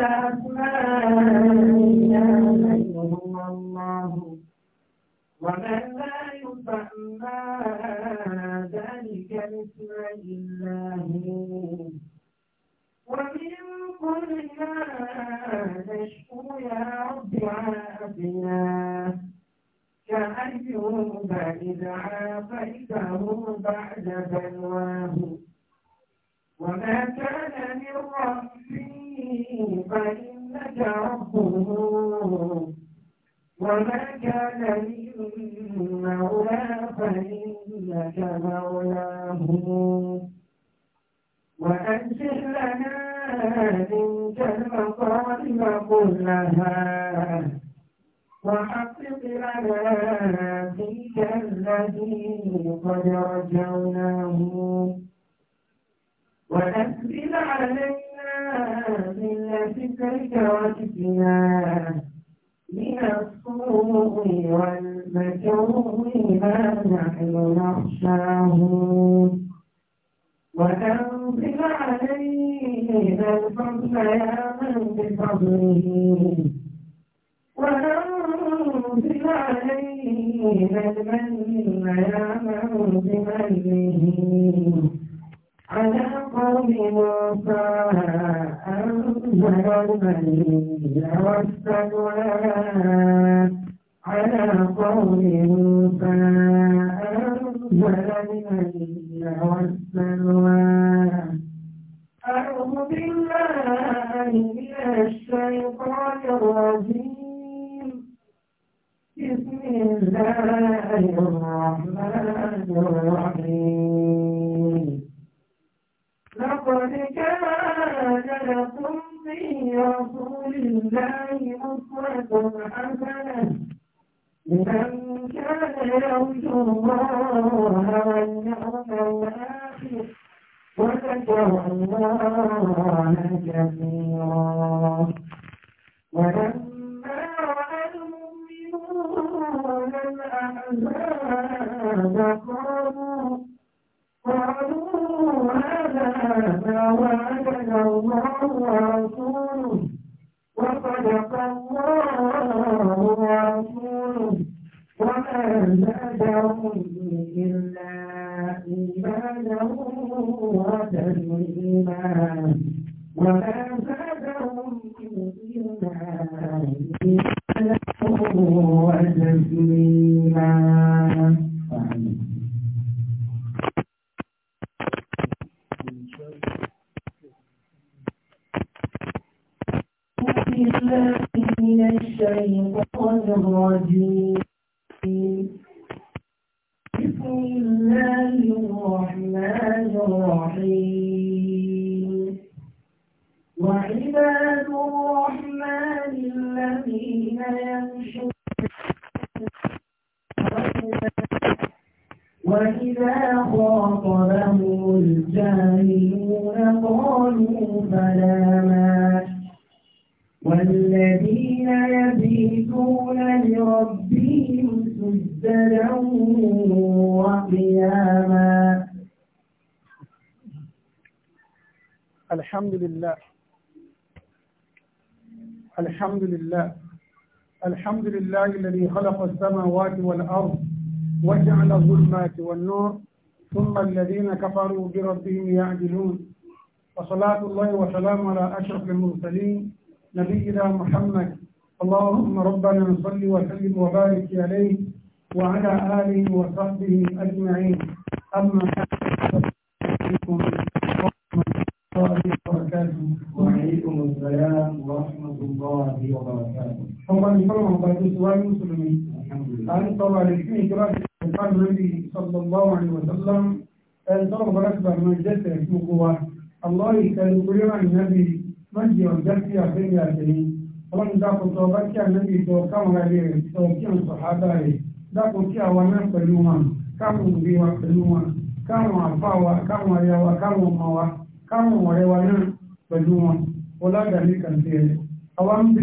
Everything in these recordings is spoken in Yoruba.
الله ومن لا يسمى ذلك مثل الله ومن كل ما نشكو يا رب عافنا كأيوب إذ عافيته بعد بلواه وما كان من رب فإنك ربه وما كان من مولى فإنك مولاه وأنزل لنا منك المطالب كلها وحقق لنا فيك الذي قد رجعناه وأنزل عليك بنفسك وجدنا من السوء والمكروه ما نحن نخشاه وأنزل علينا الفضل يا من بفضله وأنزل علينا المن يا من بمنه على قوم موسى أنزل البنين والسلوات على قوم موسى أنزل البنين والسلوات أعوذ بالله من الشيطان الرجيم بسم الله الرحمن الرحيم لقد كان لكم في رسول الله أسوة حسنة لمن كان يرجو الله واليوم الآخر وذكر الله كثيرا ولما رأى المؤمنون الأحزاب لله الذي خلق السماوات والأرض وجعل الظلمات والنور ثم الذين كفروا بربهم يعدلون وصلاة الله وسلام على أشرف المرسلين نبينا محمد اللهم ربنا صل وسلم وبارك عليه وعلى آله وصحبه أجمعين أما ìtòsíwájú mùsùlùmí à ń sọ wà lẹ́sìn ìjọba ìfàmì lórí sallallahu alaihi wa sallam ẹni tọ́lọ̀ bọ́ láti bàbá máa jẹ́ tẹ̀lé fún gbogbo wa àlọ́ ìkẹlẹ̀ orí wà nínábi má jẹ ọ̀já sí àfẹ́yìn àtẹ̀yìn ọlọ́run dákun tọ́ bá kí ànábì tọ́ káwọn ayé rẹ̀ tọ́ kí àwọn sọ̀hábà rẹ̀ dákun kí àwa náà pẹ̀lú wọn káwọn òbí wa pẹ̀lú wọn káwọn àfa wa káwọn aya wa káwọn ọmọ wa káwọn ọ̀rẹ́ wa náà pẹ̀lú wọn ọlá gàlí kàǹtì rẹ̀ àwa ń bí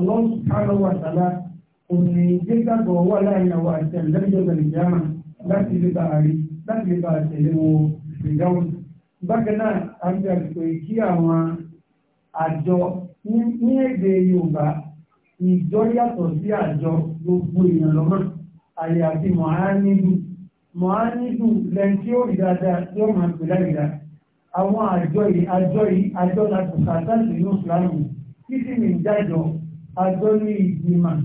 Allah subhanahu wa ta'ala kò ní jẹ́ gbàgbọ́ wà láàrin àwọn àti àlẹ́jọ́ gbẹ̀lẹ́gbẹ̀mà láti lè bá àrí láti lè bá àtẹ̀lé wo ìdáhùn. Bákan náà, a ń bẹ̀rẹ̀ pé kí àwọn àjọ ní èdè Yorùbá ìjọ yàtọ̀ sí àjọ gbogbo èèyàn lọ́mọ àyàfi mọ̀hánídù mọ̀hánídù lẹ́yìn tí ó rí dáadáa tí ó máa pè láìra àwọn àjọ yìí àjọ yìí àjọ láti sàtàlì ní òṣèlú àjọ ní ìgbìmọ̀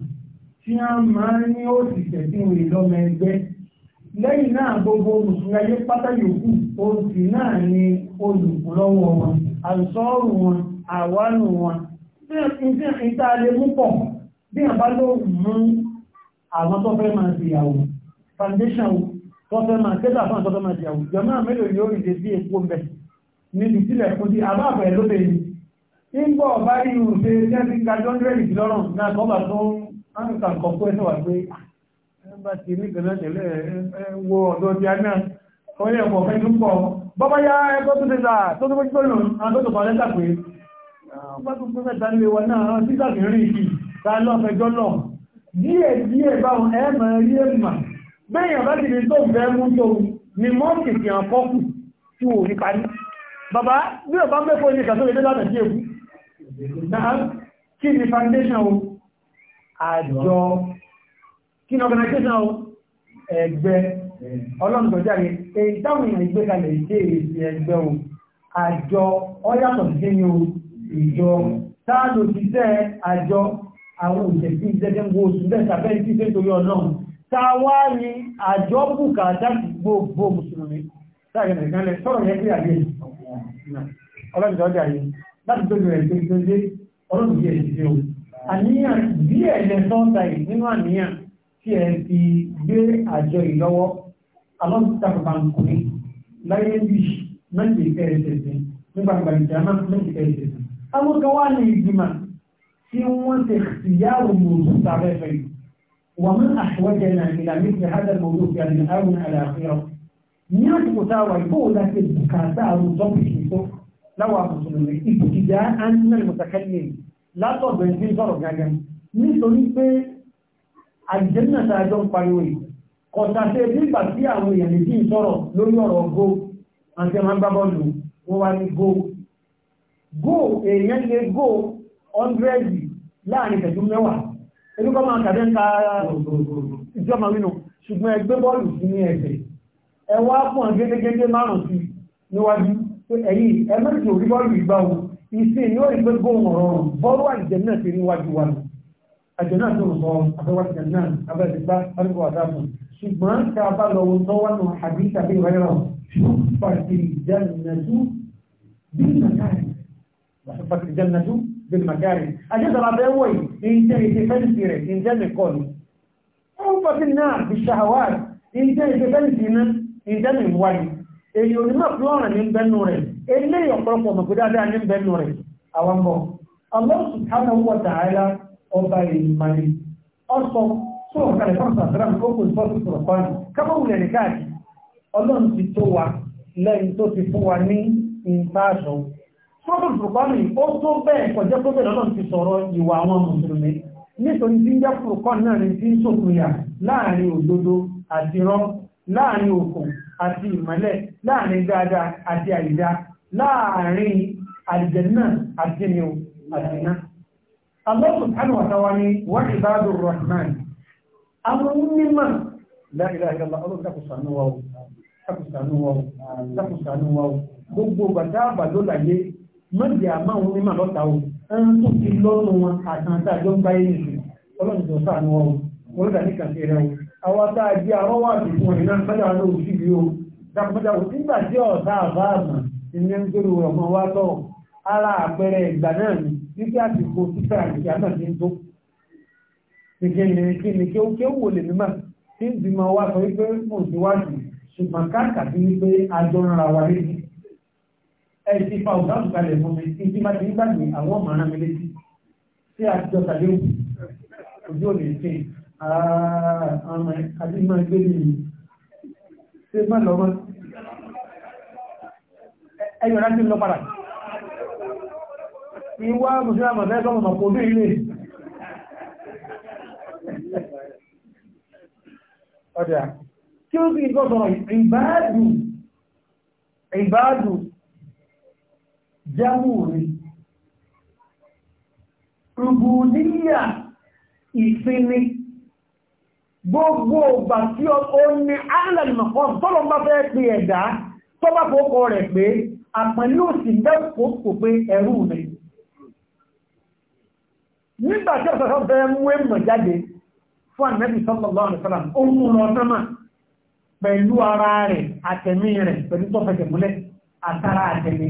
tí a máa ń ní òṣìṣẹ́ tí wọ́n ìlọ́mọ ẹgbẹ́ lẹ́yìn náà gbogbo mùsùlùmí ayé pátá yòókù oṣù náà ni olùkúlọ́wọ́ wọn àlùsọ́ọ̀rù wọn àwánù wọn ní a lè mú pọ̀ bí wọ́n bá ló mú àwọn tó fẹ́ máa di ìyàwó foundation tó fẹ́ máa tẹ́lá fún àwọn tó fẹ́ máa di ìyàwó jọmọ́ mélòó ni ó rí de bí epo mbẹ níbi sílẹ̀ fún di àbáàbẹ̀ lóbẹ̀ yìí ìgbọ̀ bá rí ìrùsẹ̀ jẹ́sí kájọ́ rẹ̀lì lọ́rùn náà kọ́bà tó ń kàkọ́ pẹ́ tó wà pé ah, ẹgbà ti ní ìpínlẹ̀ tẹ̀lẹ̀ wo ọ̀dọ́ ti aná ọyẹ́ ọ̀pọ̀ fẹ́ tó pọ̀ bọ́bá yá ẹgbọ́ tó ti dáa tó tó tó lò àwọn tó tó kọ́ lẹ́tà pé ah, bá tó tó mẹ́ta nílé wa náà títà kì í rí ìkì ta lọ fẹjọ́ lọ díẹ̀ díẹ̀ báwọn ẹ mọ̀ rí èmà bẹ́yìn bá ti di tó fẹ́ mú tó ni mọ́ọ̀kì fi hàn kọ́kù tí ò ní parí bàbá bí ọba mẹ́fọ́ ní ìkàtó lè dé lánàá sí èkú náà kí ni foundation o àjọ kí ni organization o ẹgbẹ́ ọlọ́run tó jáde èyí táwọn èèyàn gbé kalẹ̀ ìdé èsì ẹgbẹ́ o àjọ ọyàtọ̀ sí ní o ìjọ táàlù òṣìṣẹ́ àjọ àwọn òṣèṣì ìṣẹ́jẹ́ wo oṣù mẹ́ta bẹ́ẹ̀ sí pé torí ọlọ́run táwa ni àjọ bùkátà gbogbo mùsùlùmí táàgẹ̀ nìkanlẹ̀ sọ̀rọ̀ yẹn bí àyè ọlọ́run tó jáde láti gbẹ̀rẹ̀ rẹ̀ gbẹ̀gbẹ̀gbẹ̀ ọlọ́run yẹ ìṣẹ́ o àníyàn bí ẹ̀lẹ́ sọ́ọ̀tàì nínú àníyàn tí ẹ ti gbé àjọ ìlọ́wọ́ alọ́sítàkùnrin láyé bí mẹ́tì kẹrẹsẹ̀sẹ̀ nígbàgbà ìjàmá mẹ́tì kẹrẹsẹ̀sẹ̀ àwọn kan wá ní ìgbìmọ̀ tí wọ́n ti ṣìyàwó mòrò sáfẹ́fẹ́ ومن أحوجنا إلى مثل هذا الموضوع يعني أعون على آخرة. نعرف تساوي بولا في أو الضبط láwọn mùsùlùmí ìbùkìdá anínà ìmọ̀tàkẹ́lẹ̀ látọ̀dọ̀ ìdí sọ̀rọ̀ gangan nítorí pé àjẹ́nà tá a jọ ń pariwo yìí kọ̀tà sí ebi ìgbà tí àwọn èèyàn lè dín sọ̀rọ̀ lórí ọ̀rọ̀ go àti ẹ̀ma ń bá bọ́ọ̀lù wọn go go èèyàn lè go ọ̀ndrẹ́dì láàrin ìtẹ̀jú mẹ́wàá ebi kọ́ máa kàdé ń ta ìjọba nínú ṣùgbọ́n ẹgbẹ́ bọ́ọ̀lù sí ní ẹ̀sẹ̀ ẹ wá fún àgédégédé márùn-ún sí níwájú ẹ̀yìn ẹ̀mẹ́jì orí bọ́ọ̀lù ìgbà wo ìsìn yóò rí pé gbóhùn ọ̀rọ̀rùn bọ́ọ̀lù àjẹ́ náà ti rí wájú wa nù àjẹ́ náà tó ń sọ abẹ́wájú náà abẹ́ẹ̀dẹ́gbá arúgbó àdáàbò ṣùgbọ́n tá a bá lọ wo tó wà nù àbí tàbí ìrẹ́rọ̀ fàtì ìjánnájú ìjẹ́ èyí onímọ̀ fún ọ̀ràn ní bẹ́nu rẹ̀ ilé ọ̀pọ̀lọpọ̀ mọ̀ pé dáadáa ní bẹ́nu rẹ̀ àwọn bọ̀ Allah subhanahu wa ta'ala ọba ìmàlẹ̀ ọsọ tó wà kalẹ̀ fún sàtàrà ní kókò ìfọ́sí sọ̀rọ̀ kan kábọ̀ wulẹ̀ ní káàdì ọlọ́run ti tó wa lẹ́yìn tó ti fún wa ní ìtaàṣọ sọ́dọ̀ fùrùkọ́nì ó tó bẹ́ẹ̀ kọjá tó bẹ́ẹ̀ lọ́nà ti sọ̀rọ̀ ìwà àwọn mùsùlùmí nítorí tí ń jẹ́ fùrùkọ́nì náà ni tí ń sòkùnyà láàrin òdodo àti irọ́ láàrin òkun àti ìmọ́lẹ̀ láàrin dáadáa àti àìdá láàrin àlùjànnà àti ní àdìná Allah subhanahu wa ta'ala ni wa ibadur rahman àwọn onímọ̀ la ilaha illallah ọlọ́dàkùsànú wa o dákùsànú wa o dákùsànú wa o gbogbo bàtà àbàdó làyé mọ́jì àmọ́ òun mímọ̀ lọ́ta o ẹni tó fi lọ́nu wọn àtàntà dàpọ̀dà òtí gbà tí ọ̀tá àbáàmà ilé ń gbèrò ọmọ wa lọ ara àpẹẹrẹ ìgbà náà ni wípé àsìkò títà àgbègbè àmà ti ń tó gẹ́gẹ́ ni kí ni kí ó kí ó wò lè mímà tí ń bímọ wa sọ wípé mò ń síwájú ṣùgbọ́n káàkiri wípé àjọ ń ra wa létí ẹ ti fa òdáàbò kalẹ̀ fún mi tí ti máa ti ń gbàgbé àwọn ọmọ mi létí tí a ti jọ tàbí òkú ojú ò ààrẹ àti máa gbé nìyí ṣe má lọ́wọ́ ẹyọ̀ láti lọ padà ìwá mùsùlùmí àmọ̀fẹ́ sọ́mọ̀ mọ̀kò bí ilé ọjà tí ó sì ń sọ̀rọ̀ ìbáàdù ìbáàdù jámùrí rùbùdíyà ìsinmi gbogbo ọgbà tí ó ní alẹ́lùmọ̀kan tọ́lọ bá fẹ́ pé ẹ̀dá tó bá fòókọ rẹ̀ pé àpẹẹlú òsì mẹ́fòókò pé ẹ̀rù rẹ̀ nígbàtí ọ̀sọ̀sọ̀ fẹ́ mú èmọ̀ jáde fún ànẹ́bì sallallahu alaihi wasallam ó mú lọ sánmà pẹ̀lú ara rẹ̀ àtẹ̀mí rẹ̀ pẹ̀lú tó fẹsẹ̀ múlẹ̀ àtàrà àtẹ̀mí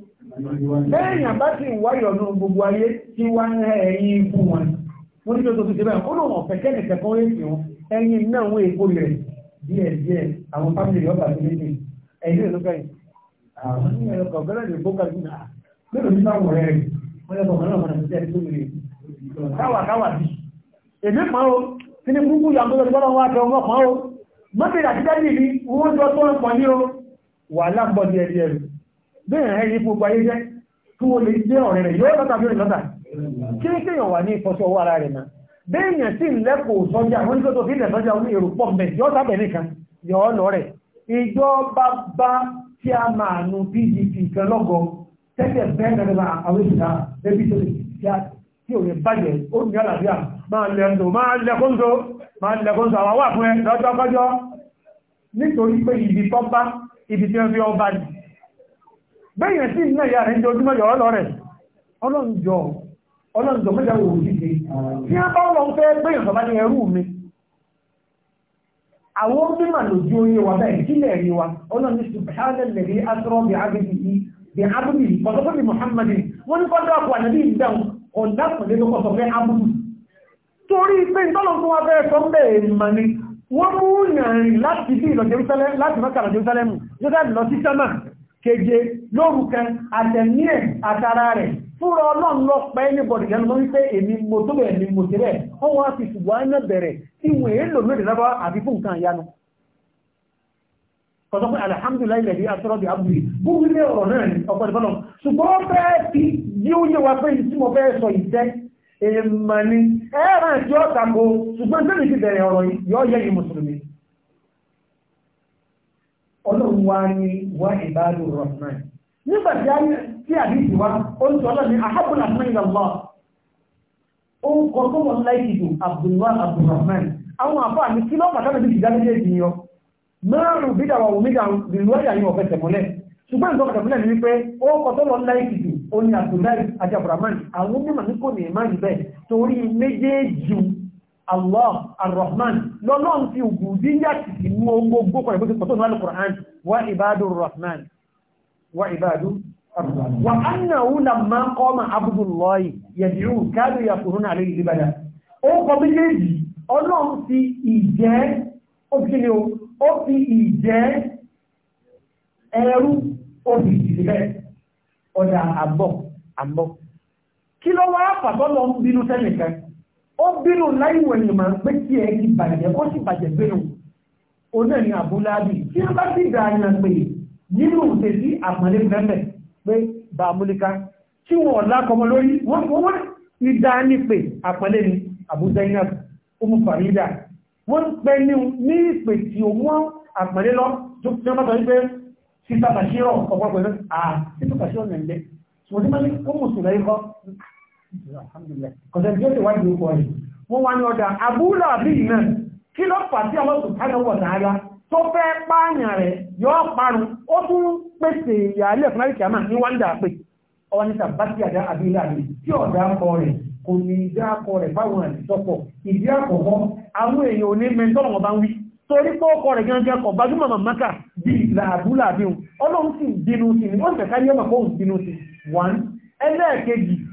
lẹ́yìn bá ti wáyọ̀ ní gbogbo ayé tí wá ń rẹ̀ ẹ̀yìn ikú wọn wọ́n ní tó ti bẹ́ẹ̀ ó lóun ọ̀fẹ́ kẹ́lẹ̀ kẹ́kọ́ èsì wọn ẹ̀yìn náà wọ́n èkó rẹ̀ díẹ̀ díẹ̀ àwọn fámìlì ọba tó léde ẹ̀yìn ló kẹ́yìn àwọn ènìyàn ọkọ̀ gẹ́lẹ́ lè bó kàdúnà mélòó ní báwọn rẹ̀ wọ́n yẹ kọ̀ọ̀kan náà mọ̀ ní sẹ́yìn tó lè káwà káwà bí èmi kan o kí ni kúkú yàtọ̀ lọ́dún bọ́lá wa kẹ́ ọmọ kan o mọ́tò ìdàkídá nìyí wọ́n jọ tó ń pọ̀ ní o wàhálà bẹ́ẹ̀ rẹ̀ yí gbogbo ayé jẹ́ kí wọ́n lè jẹ́ ọ̀rẹ́ rẹ̀ yóò lọ́ta bí ó lọ́ta kí ní kéèyàn wà ní ìfọṣọ owó ara rẹ̀ náà béèyàn sì ń lẹ́kọ̀ọ́ sọ́jà wọ́n ní tó fi ilẹ̀ sọ́jà oní èrò pọ̀ mẹ́ yọ́ sábẹ̀ nìkan yọ́ lọ rẹ̀ ìjọba bá tí a máa nu pdp kan lọ́gọ tẹ́tẹ̀ bẹ́ẹ̀ gẹ́gẹ́ bá àwọn ìṣẹ̀dá bẹ́bí tó lè tí ò lè bàjẹ́ ó ní àlàáfíà máa lẹ́kọ̀ọ́ máa lẹ́kọ̀ọ́ máa lẹ́kọ̀ọ́ àwọn wà fún ẹ lọ́jọ́ kọjọ́ ibi tí wọ́n fi ọba ni bẹ́yẹn sí iná ìyá rẹ̀ ń jọ ojúmọ́ yọ̀ ọ́lọ́ rẹ̀ ọlọ́njọ́ ọlọ́njọ́ mẹ́ta wò dídé tí a bá wọn fẹ́ bẹ́yẹn sọ bá ní ẹrú mi àwọn mímọ̀ lójú oyé wa bẹ́ẹ̀ kílẹ̀ ẹ̀rí wa ọlọ́njọ́ subhánà lẹ́rí asọ́rọ́ bí abidi yìí bí abidi yìí kọ́sọ́ fún mi muhammadu wọ́n ní kọ́dọ̀ àpò ànàbí ìdáhùn ọ̀dà pẹ̀lẹ́ ló kọ́sọ́ fẹ́ abudu torí pé ìtọ́lọ́ fún wa fẹ́ sọ bẹ́ẹ̀ mà ni wọ́n mú yàn rìn láti bí ìlọ Jerusalem láti mọ́kàlá Jerusalem Jerusalem lọ sí sámà keje lórúkẹ àtẹ̀ní ẹ̀ àtàrà rẹ̀ fúnra ọlọ́run lọ pẹ́ ní bọ̀dìgẹ́nu ló wípé èmi mo tó bẹ̀rẹ̀ ni mo ti rẹ̀ wọ́n wá fi ṣùgbọ́n ẹ̀nà bẹ̀rẹ̀ tí wọ́n èé lò lóde lábá àbí fún nǹkan ìyanu kọ̀tọ́ pé alihamudulilayi lẹ́bi asọ́rọ́bì abúlé búrú ilé ọ̀rọ̀ náà ní ọ̀pọ̀ ìbọ́lọ̀ ṣùgbọ́n bẹ́ẹ̀ fi yí ó yé wa pé tí mo fẹ́ sọ ìtẹ́ èèmọ̀ ni ẹ̀ràn tí ó tako ṣùgbọ́n tẹ́lẹ̀ ti bẹ̀rẹ̀ ọ̀rọ̀ yọ yẹ yìí mùsùlùmí ọlọ́run wá ní wá ìbáàlú rahman nígbà tí a ní tí a ní ìwá ó ń sọ́lọ́ ní ahábùlà fún ìlàlọ́ ó ń kọ́ tó wọn láìkì jù abdullah abdulrahman àwọn àfáà ní kí lọ́pàá tábìlì ìdá méjèèjì yọ márùn bídà wà wùmí dà nínú ọjà yóò fẹsẹ̀ mọ́lẹ̀ ṣùgbọ́n ìjọba Allah Ar-Rahman lọ́nà ń fi ògùn díyà ti ti mú gbogbo kan ìbókè pọ̀tọ́ ní Al-Qur'an wa ibadu Ar-Rahman wa ibadu Ar-Rahman wa annahu lamma qama Abdullahi yad'u kadu yakuruna ó bínú láìwọ̀ èèyàn máa ń pé tí ẹ ti bàjẹ́ ó sì bàjẹ́ bínú o náà ní àbúláàbì tí wọ́n bá sì dà yàn pé nínú òṣè sí àpọ̀lé mẹ́fẹ̀ pé bá amúlíká tí wọ́n lákọmọ lórí wọ́n wọ́n ìdá ní pé àpọ̀lé ni Abu Zainab umu Farida wọ́n pẹ́ ní ìpè tí ó mú àpọ̀lé lọ tó tí wọ́n bá sọ wípé sísá bàṣírọ̀ ọ̀pọ̀pọ̀ kọ̀sẹ̀ntì wá ju ọkọ̀ rẹ̀ wọ́n wá ní ọjà abúlé àbí iná kí ló fà sí ọmọ sùkánà wọ̀ náírà tó fẹ́ pààyàn rẹ̀ yọ parun ó tún pèsè ìyàlẹ̀ fún àríkì àmà ní wọ́n dà pé ọwọ́ níta bá sí àdá abúlé àbí tí ọ̀dà kọ rẹ̀ kò ní ìdá akọ rẹ̀ báwọn àtìsọ́pọ̀ ìdí àkọ́kọ́ àwọn èèyàn ò ní mẹ́ntọ́ wọn bá ń wí torí pé ọkọ rẹ̀ gẹ́gẹ́ kọ̀ gbajúmọ̀ màmáka bí làbúlà bí òun ọlọ́run sì ń bínú sí ni ó sì fẹ́ káyọ́ mọ̀ kó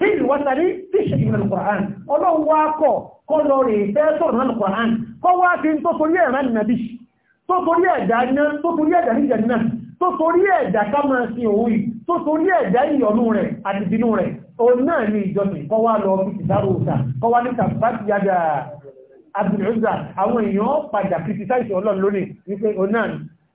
tí ìwọ́sàrí tí ṣe ìrìnlẹ̀ Kùrán ọlọ́run wá kọ̀ kọ́ lọ rè fẹ́ sọ̀rọ̀ náà Kùrán kọ́ wá fi tó torí ẹ̀rán nàbí tó torí ẹ̀dá iná tó torí ẹ̀dá níjà náà tó torí ẹ̀dá kámọ́ sí òun tó torí ẹ̀dá ìyọnú rẹ̀ àti bínú rẹ̀ òun náà ní ìjọsìn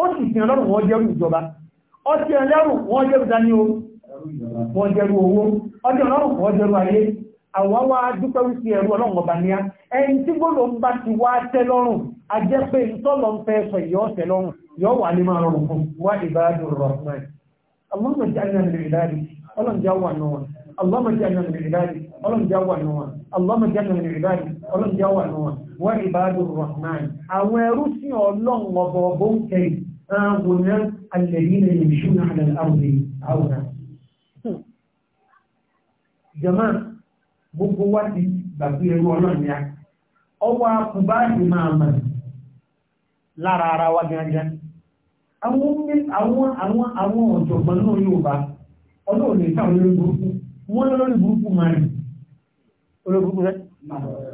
ó sì fi ọlọ́rùn wọ́n jẹ́rù ìjọba ọtí ọlọ́rùn wọ́n jẹ́rù dání o wọ́n jẹ́rù owó ọtí ọlọ́rùn wọ́n jẹ́rù ayé àwọn wá dúpẹ́ wípé ẹ̀rù ọlọ́run ọba ní á ẹni tí gbọ́dọ̀ ń bá ti wá tẹ́ lọ́rùn a jẹ́ pé ìtọ́lọ ń fẹ́ sọ ìyọ́ tẹ́ lọ́rùn yọ́ wà ní máa rọrùn fún wá ìbáradùn rọ̀hún Allahumma ja'alna min ibadi ọlọ́run já wà náà Allahumma ja'alna min ibadi ọlọ́run já wà náà Allahumma ja'alna min ibadi ọlọ́run já wà náà wọ́n ìbádù rahman àwọn ẹrú sí ọlọ́run ọba ọbọ̀ ń kẹrì ààbòrán alẹ́yìn ìṣúná àlàáwẹ̀ àwòrán jama gbogbo wá ti gbàgbé ẹrú ọlọ́run ya ọwọ́ akùbá ti máa mọ̀ lára ara wa gángan àwọn àwọn ọ̀jọ̀gbọ́n náà yóò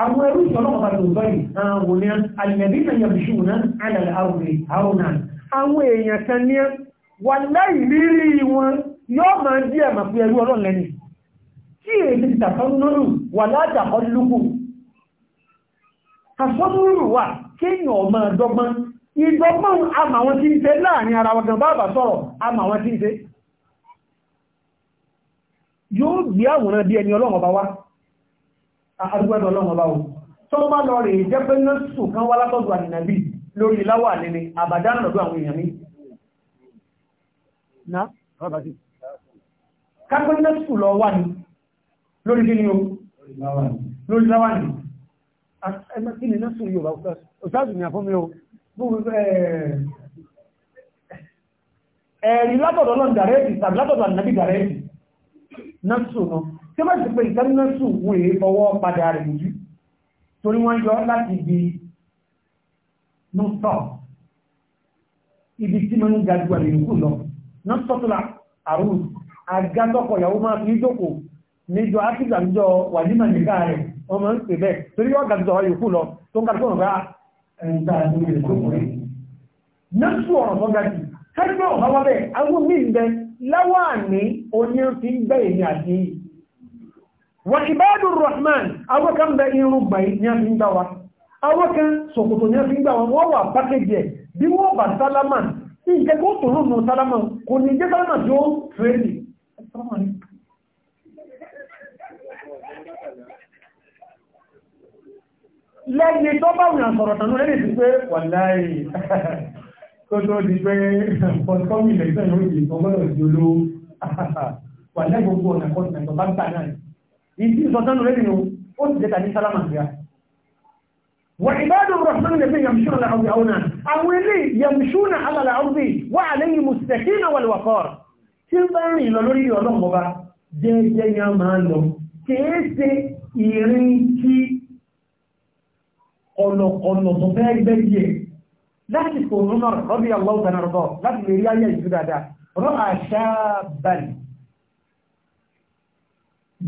àwọn ẹrú ìṣọ́nà ọba yorùbá yìí àwọn ní alìmẹ̀bí náà yà bìṣù náà alàlẹ́ àwòrán àwọn náà àwọn èèyàn kan ní wà láì rírí wọn yóò máa dí ẹ̀mà fún ẹrú ọlọ́run lẹ́nu tí èdè ti tàkọ́nú lóru wà látàkọ́ lókù àsọ́núrù wà kéèyàn ọmọ ọdọ́gbọ́n ìdọ́gbọ́n àmà wọn ti ń tẹ láàrin ara wọn gan bàbá sọ̀rọ̀ àmà wọn ti ń tẹ yóò gbé àwòrán bí ẹni ọlọ́run ọba wá àdúgbẹ́dọ̀ ọlọ́run ọba o tó bá lọ rè jẹ́ pé nọ́ọ̀sù kan wá látọ̀dọ̀ ànìyàbí lórí láwà nínú àbàdánù lọ́dọ̀ àwọn èèyàn mi. kápẹ́ nọ́ọ̀sù lọ wà ní lórí kí ni o lórí láwà ní. ẹgbẹ́ kí ni nọ́ọ̀sù yóò bá òṣàṣù ní àfọ́mi o ẹ̀rí látọ̀dọ̀ ọlọ́run dàrẹ́ẹ̀tì tí wọ́n ti pè ìtẹ́lẹ́sù wọ́n èé fọwọ́ padà rẹ̀ yìí torí wọ́n yọ láti di nọ́tọ̀ ibi tí mo ń ga ju àlèkù lọ nọ́tọ̀tọ̀lá àrùn àgátọ́kọ̀ ìyàwó máa fi jókòó níjọ áfíríkà níjọ wàdímà nìkà rẹ̀ wọ́n máa ń pè bẹ́ẹ̀ torí wọ́n ga ju àlèkù lọ tó ń kàtó ọ̀gá ẹ̀ǹta àti ìrẹ̀lẹ́kùnrin nọ́tù ọ̀rọ̀ tó ga jù kẹ́gbẹ́ àti wa ibadur rahman àwọn kan bẹ irun gbàyí ní a fi àwọn kan sọ̀kòtò ní a fi ń gbà wá wọ́n wà pákéjì bí wọ́n bá sálámà ní ìjẹ́ kó tó rùn sálámà kò ní jẹ́ sálámà tí ó fèrè lẹ́yìn tó bá wùyàn sọ̀rọ̀ tánú lẹ́yìn sí gbogbo ọ̀nà kọ́tùnà ìgbọ̀bá ń tà náà ìdí ìsọ̀tánù rẹ̀ nínú ó ti jẹta ní sálámà ìyá wà ìbádọ̀ rọ̀sán lè fi yamṣúnà láàrùn àwọn náà àwọn ilé yamṣúnà alàlàrùn wà àlẹ́yìn mùsùlùmí wàlúwàkọ́r tí ń bá rìn lọ lórí ọlọ́mọba jẹ́jẹ́ ya máa lọ kéése ìrìn kí ọ̀nà tó fẹ́ gbẹ́ díẹ̀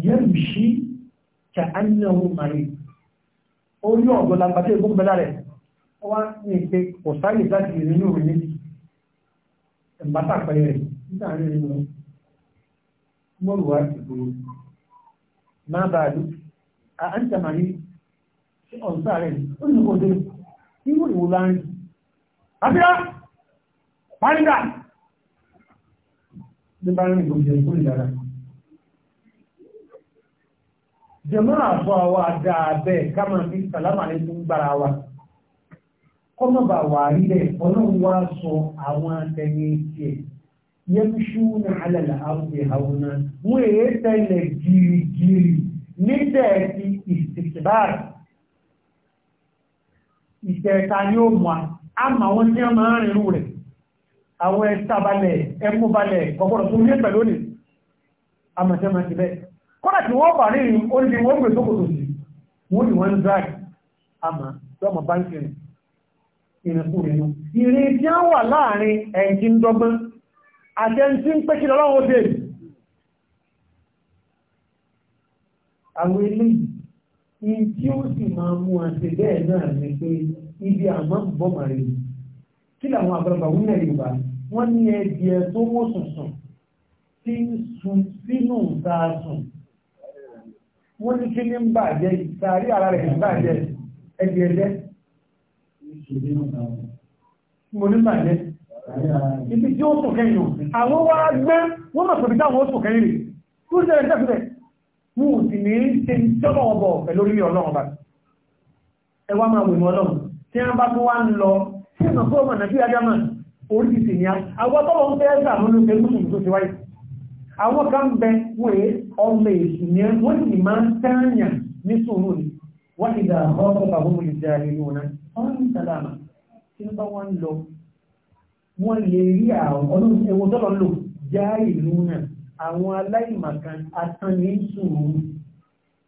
yẹ́mùsí kà á ní ọmọ màrí orí ọ̀dọ́ lágbàtí ẹgbọ́n bẹ́lá rẹ̀ wá ní pé kò sáyè láti rìn ní òrìn níbi ẹ̀mbátà pẹ̀lẹ́ rẹ̀ nígbà rẹ̀ rẹ̀ lọ mọ́rù wá ìgboro máa ní kò dé irú ìwò láàrin jẹmọ́ àbọ̀ àwọ̀ àdáàbẹ̀ káàmà fi sàlámà lè tún gbára wa kọ́mọ̀bà wà rílẹ̀ ọlọ́run wá sọ àwọn atẹni tiẹ̀ yẹmṣú ní alẹ́lẹ́ àwùjẹ àwọn náà wọ́n èé tẹ́lẹ̀ gírígírí níbẹ̀ ti ìsìkìbáàrì ìtẹ̀ẹ̀ta ni ó mọ̀ a mà wọ́n tí wọ́n máa ń rìnrù rẹ̀ àwọn ẹ̀ta balẹ̀ ẹ̀mú balẹ̀ kọ̀kọ́rọ̀ tó ní ẹ̀pẹ̀ lónìí àmọ̀tẹ́mọ̀ bẹ́ẹ̀ kọ́nà tí wọ́n bà nínú oríṣi wọ́n gbé sókòtò sí wọ́n ni wọ́n ń drag àmà lọ́mọ báńkì rẹ̀ ìrìnkú rẹ̀ nù ìrìn tí a wà láàrin ẹ̀ǹkí ń dọ́gbọ́n àti ẹni tí ń pé kí lọ́wọ́ dé àwọn eléyìí in tí ó sì máa mú àti bẹ́ẹ̀ náà ní pé ibi àmọ́ ń bọ́ màrí kí làwọn àgbàlagbà wúlẹ̀ yorùbá wọ́n ní ẹ̀dìẹ̀ tó mọ́ sùn sùn sínú ìta sùn wọ́n ní kí ní ń bàjẹ́ ìtàrí ara rẹ̀ ń bàjẹ́ ẹ̀dì ẹ̀dẹ́ mo ní bàjẹ́ ibi tí ó sùn kẹ́yìn o àwọn wá gbẹ́ wọ́n mọ̀ sọ̀bí táwọn ó sùn kẹ́yìn rẹ̀ tó jẹ́ ẹ̀dẹ́ sílẹ̀ mú ò sì ní ṣe ń tọ́lọ̀ ọbọ̀ pẹ̀lú orí ọlọ́run bá ẹ wá máa wèmọ́ ọlọ́run tí wọ́n bá tó wá ń lọ sí ìmọ̀ fún ọmọ nàbí adámà orí ti sì ní àwọn tọ́lọ̀ ń fẹ́ sàmúlò pẹ̀lú mùsùlùmí tó ti wáyé àwọn kan bẹ wọ́n è ọmọ èsì ní wọ́n sì máa ń tẹ́rìyàn ní sùúrù ni wọ́n ti dà ọkọ̀ bàbá mú lè jáde ní ọ̀nà wọ́n ń sàlámà tí ń bá wọ́n lọ wọ́n lè rí àwọn ọlọ́run ẹwọ́n tọ́lọ́ lò já ìlú náà àwọn aláìmọ̀kan atán ní sùúrù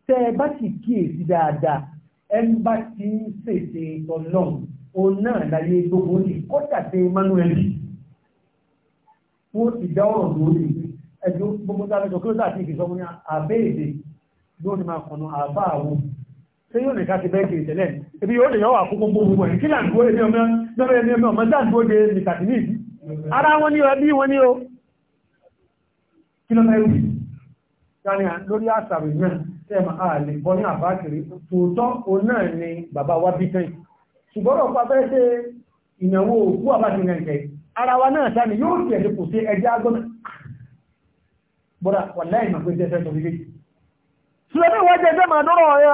tẹ́ ẹ bá sì kíyèsí dáadáa ẹ ń bá ẹjọ́ gbogbo dáadọ́ kí ó tàbí ìfìsọ mú ní àbẹ́ èdè ló ní máa kànú àbá àwọn tí yóò nìká ti bẹ́ẹ̀kì ìtẹ̀lẹ̀ ibi yóò lè yọ́wà fún gbogbo gbogbo ẹ̀kí làǹdúró ẹni ọmọ lọ́rọ̀ ẹni ọmọ dáǹdúró de nìkàtí ní ìdí ara wọn ní ọbí wọn ní o kìlọ́mẹ́rù yáni lórí àṣàrò ìyẹn tẹ́ẹ̀mà ààlè bọ́ ní àbákiri tòótọ́ òun náà ni bàbá wa bí tẹ́yìn ṣùgbọ́n ọ̀pá fẹ́ ṣe ìnáwó òkú àbájọ nàìjẹ́ ara wa náà sáni yóò tiẹ̀ kò sí ẹja agbọ́nà bọ́dà wà láì mọ̀ pé jẹ́sẹ̀ tó fílé ṣùgbọ́n wọ́n jẹ́jẹ́ máa dọ́rọ̀ ọ̀yá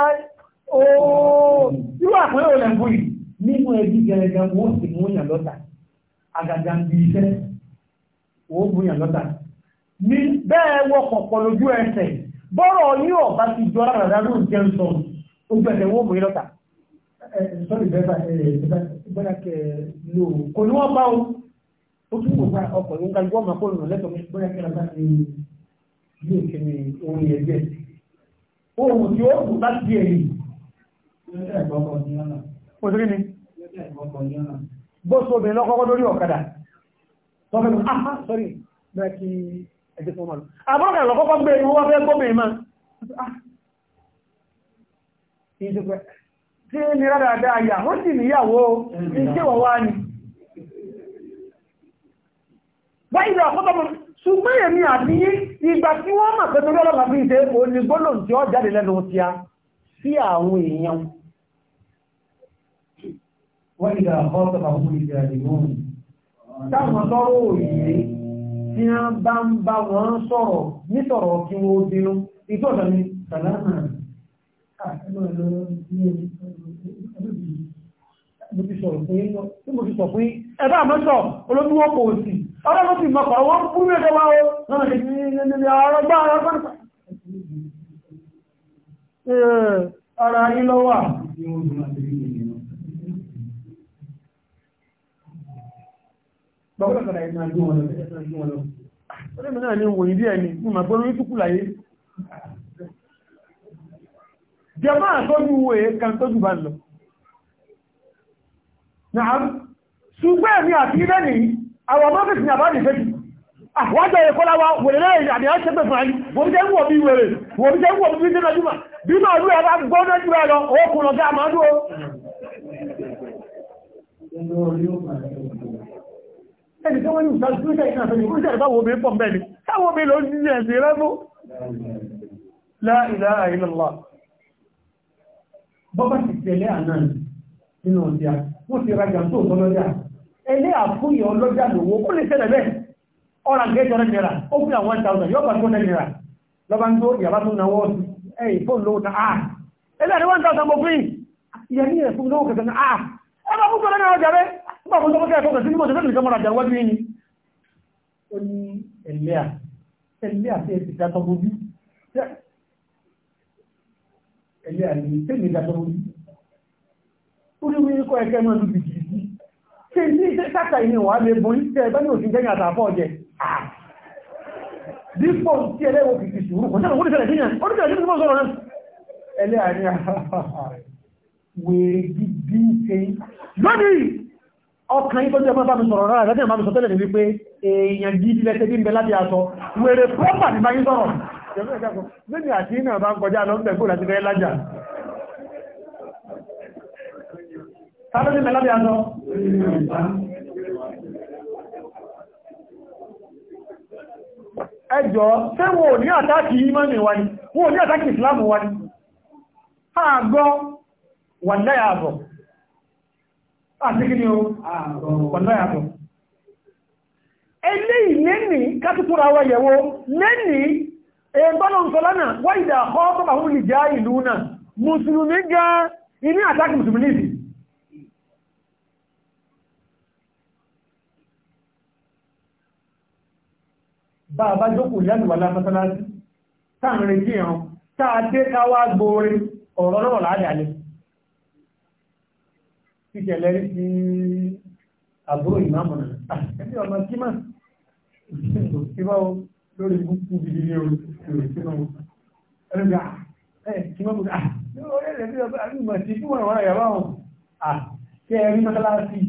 ooo irú àpẹẹrẹ olè ń bóyì nínú ẹbí gẹ̀rẹ́gẹ̀ wọ́n sì mú yàn lọ́tà àgàgà ń bi iṣẹ́ wọ́n mú yàn lọ́tà ní bẹ́ẹ̀ wọkọ̀ pọ̀ lójú ẹsẹ̀ bọ́rọ̀ yìí ọ̀bá ti jọ rárá ló ń jẹun sọ gbogbo wọ́n mú yàn lọ́tà sọ́ọ̀lì bẹ́ẹ̀ bí òkè ni orin ẹgbẹ́ ohun tí ó kù láti ẹ̀yìn òṣèré ni bóṣù obìnrin lọ́kọ́kọ́ lórí ọ̀kadà tọ́fẹ́lú ahá sọ́rí bẹ́ẹ̀ kí ẹgbẹ́ fún e, fẹ́ gómìn ma tí ṣùgbọ́n èmi àti yí ìgbà tí wọ́n mọ̀ pé torí ọlọ́pàá fi ṣe onígbólò tí ó jáde lẹ́nu ti a sí àwọn èèyàn wọ́n ìdá ọ̀pọ̀ àwọn ìdá ìwọ̀n táwọn sọ̀rọ̀ òyìnbí tí a bá ń bá wọn sọ̀rọ̀ nítọ̀rọ̀ kí wọ́n bínú ìtọ́jọ́ ni sàlámà mo ti sọ̀rọ̀ fún ẹ̀bá àmọ́sọ̀ olóbíwọ́pọ̀ òsì ọlọ́run ti mọ̀kọ̀ wọ́n kúrú ẹ̀dọ́ wá o lọ́nà lè ní ilẹ̀ àrọ́gbá àrọ́gbá ara yìí lọ wà ọlọ́run náà jẹmọ́ àtọ́jú wo èé kan tọ́jú bá lọ ṣùgbẹ́ mi àti ilẹ́ nìyí àwọn ọmọ fèsì ní àbáàdì fèsì àwájọ ìkọláwà wèrè lẹ́yìn àmì àṣẹ́gbẹ̀ fún àní wọ́n jẹ́ wọ́n bí wèrè wọ́n jẹ́ wọ́n bí jẹ́ lọ́júmà bí máa rú ẹ̀rọ gbọ́nà jù ẹ̀rọ òkun ọ̀gá máa dúró ẹni tó wọ́n ní ìsájú tó jẹ́ ìrìnàfẹ́ ní ìgbésẹ̀ ìbáwò obìnrin pọ̀ mẹ́ni táwọn obìnrin ló ní ẹ̀sìn rẹ́ mú La ilaha illallah bọ́bá ti tẹ̀lé àná nínú ọ̀dẹ́ wọ́n ti rajà tó tọ́lọ́dẹ́ ele àfúnyẹ ọlọ́jà lówó ó lè ṣẹlẹ̀ bẹ́ẹ̀ ọ̀rà gẹ́jọ rẹ̀ nira ó fi àwọn one thousand yóò bá tó rẹ̀ nira lọ́ba ń tó ìyàbá tó náwó ẹ̀yìn fóònù lówó náà ah ilé àdé one thousand mo fi ìyẹn ní ẹ̀fún lówó kẹsàn náà ah ẹ bá fúnṣọ lẹ́nu ọjà rẹ̀ nígbà fún sọ́kọ́ kẹ́ẹ̀kọ́ kẹsì nímọ̀ tẹ́lẹ̀ nìkan mọ́ra ẹ̀kẹ́ náà ló ṣe ní iṣẹ́ kàtà ìní wà lè bọ́ iṣẹ́ ẹgbẹ́ ní òsìn jẹ́yìn àtàfọ́ jẹ dípò tí ẹlẹ́wọ̀ kìí ṣùgbọ́n kò sẹ́nà oníṣẹ́lẹ̀ kíyàn oníṣẹ́lẹ̀ kíyàn mọ́ sọ́rọ̀ náà ẹlẹ́ àní wèrè gidi ṣe lónìí ọkàn ìtọ́jú ẹmọ́ bá mi sọ̀rọ̀ rárá rẹ̀ bá mi sọ tẹ́lẹ̀ ní wípé èèyàn gidi lẹ́sẹ̀ bí ń bẹ láti aṣọ wèrè pọ́pà ní bá yín sọ̀rọ̀ Tàbí ní mẹ́lábí àjọ. Ẹjọ́, ṣé wo ní àtàkì ìmọ́nì wa ni? Wo ní àtàkì ìsìlámù wa ni? Ha gọ́ wà náyà àbọ̀. Àti ni o? Wà náyà àbọ̀. Eléyìí lẹ́nì kátútúra wa yẹ̀wó lẹ́nì ẹgbọ́nà ń sọ lánàá wáyìdà ọkọ̀ bàhún lè já ìlú náà. Mùsùlùmí gan-an, iní àtàkì Mùsùlùmí nìsì. bá a bá jókòó yálùwà lámọ́sánásí táàrin retí ẹ̀hàn táà dé káwá gbóore ọ̀rọ̀ náà láàdàlẹ̀ ìṣẹ̀lẹ̀ rí sí àbúrò ìmáàmù náà ah, ẹbí ọmọ kímà ìbá o lórí gbúgbú bìbí ní orí sínú ẹgbẹ́ ẹ kímà bùkà ah, lórí ẹ̀rẹ́bí ọmọ àríwá sí kí wọ́n rẹ̀ yàrá wọn à kẹ́ ẹ̀rí mọ́sálásí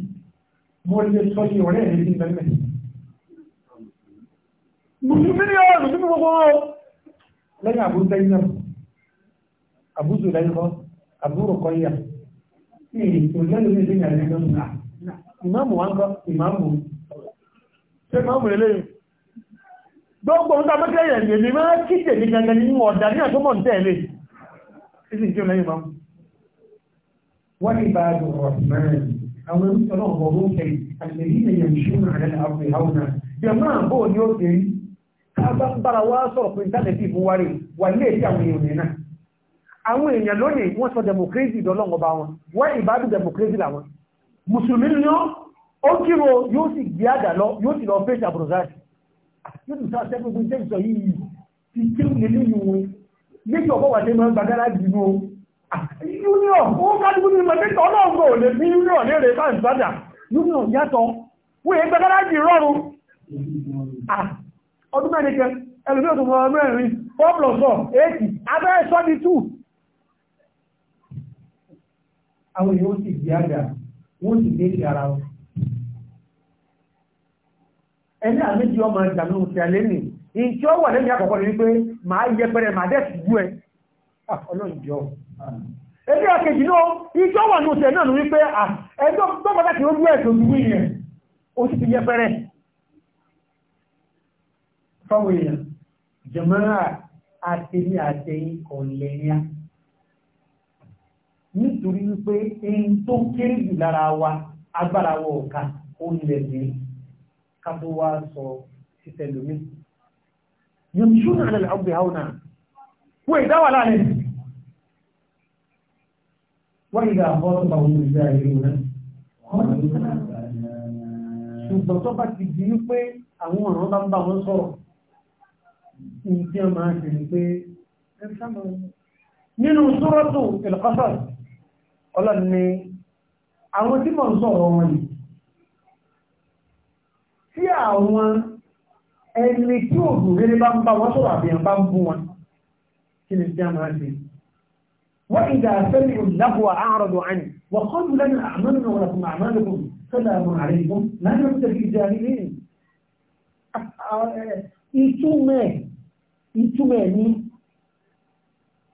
mo lè sọ ní ọ̀rẹ́ ẹ̀rí sí ìgbẹ́lẹ̀ mùsùlùmí yọ mùsùlùmí gbogbo lẹ́yìn àbúrú tẹ́yìn náà àbúrú lẹ́yìn kọ́ àbúrú kọ́ yà ní ìtòlẹ́yìn ní ìdíyà lẹ́yìn náà ìmáàmù wa ń kọ́ ìmáàmù ṣé ìmáàmù eléyìí gbogbo ń tàbí kẹ́yẹ̀ lè ní máa kí tèmi gangan nínú ọ̀dà ní àtúmọ̀ ń tẹ̀lé ìsìn tí ó lẹ́yìn máa wọ́n ní bá dùn ọ̀sán àwọn ìṣòro ọ̀bọ̀ òkè àti èyí na. yẹn ṣúnà rẹ̀ àbúrò ìhàwùnà jẹ́ máa bóò na ó kéré tábà ń bára wá sọ̀rọ̀ pé ìtàlẹ̀ sí ìfúnwárí wà ní èsì àwọn èèyàn nìyàn àwọn èèyàn lónìí wọ́n sọ democracy ìdọ́lọ́wọ́ bá wọn wọ́n ìbádùn democracy làwọn mùsùlùmí ni ó kíro yóò sì gbé àdà lọ yóò sì lọ fèsì àbùrọ̀sáàtì yóò sì sáà sẹ́kùn gbé sọ yìí ti kí ní nínú wọn méjì ọ̀pọ̀ wà sẹ́kùn gbàgárá jù ú union ó kálukú ní ìmọ̀ nípa ọlọ́ọ̀gbọ̀ ò lè fi union ní èrè káàkiri union yàtọ̀ wọ́n yẹ gbàgárá jù rọrùn ah, ọdún mẹ́rin kẹ ẹlùmí ọdún mẹ́rin 4 plus 4 80 abẹ́ ẹ̀ṣọ́ 2 àwọn èèyàn sì di àgà wọ́n sì dé ara wọn ẹni àmìjì ọmọ ìjàmí òfin alẹ́ nì ìjọ wà lẹ́yìn àkọ́kọ́ ní pé máa yẹ pẹrẹ máa dẹ̀ sí ẹ ah, wà ní òṣèlú náà ní wípé ah, ó fáwọn èèyàn jẹmọ́ra àti ní àtẹ̀yìn ọ̀lẹ́yìn nítorí wípé ẹni tó kéré jù lára wa agbára wọ ọ̀ka ó ní wá sọ títẹ̀ lómi. yomṣúnà àlẹ́ àgbẹ̀ àwọn náà wọ́n ìdáwà láàrin wọ́n ìdá àbọ́tọ̀bà òun ìjẹ́ àìrí rẹ̀ ṣùgbọ́n tó bá ti di wípé àwọn ọ̀ràn bá ń bá wọn sọ̀rọ̀ tí a máa ṣe ní pé nínú sọ́rọ̀tù ìlọ́kọ́sọ̀ ọlọ́dún ni àwọn tí mọ̀ ń sọ̀rọ̀ wọn ni tí àwọn ẹni tí òògùn rere bá ń bá wọn sọ̀rọ̀ àbíyàn bá ń bú wọn kí ni tí a máa ṣe wọ́n ìdá sẹ́lẹ̀ ìlàbọ̀ àárọ̀dọ̀ àní wọ́n kọ́ jù lẹ́nu àmọ́nà wọn àti àmọ́nà ìtumẹ̀ ìtumẹ̀ ní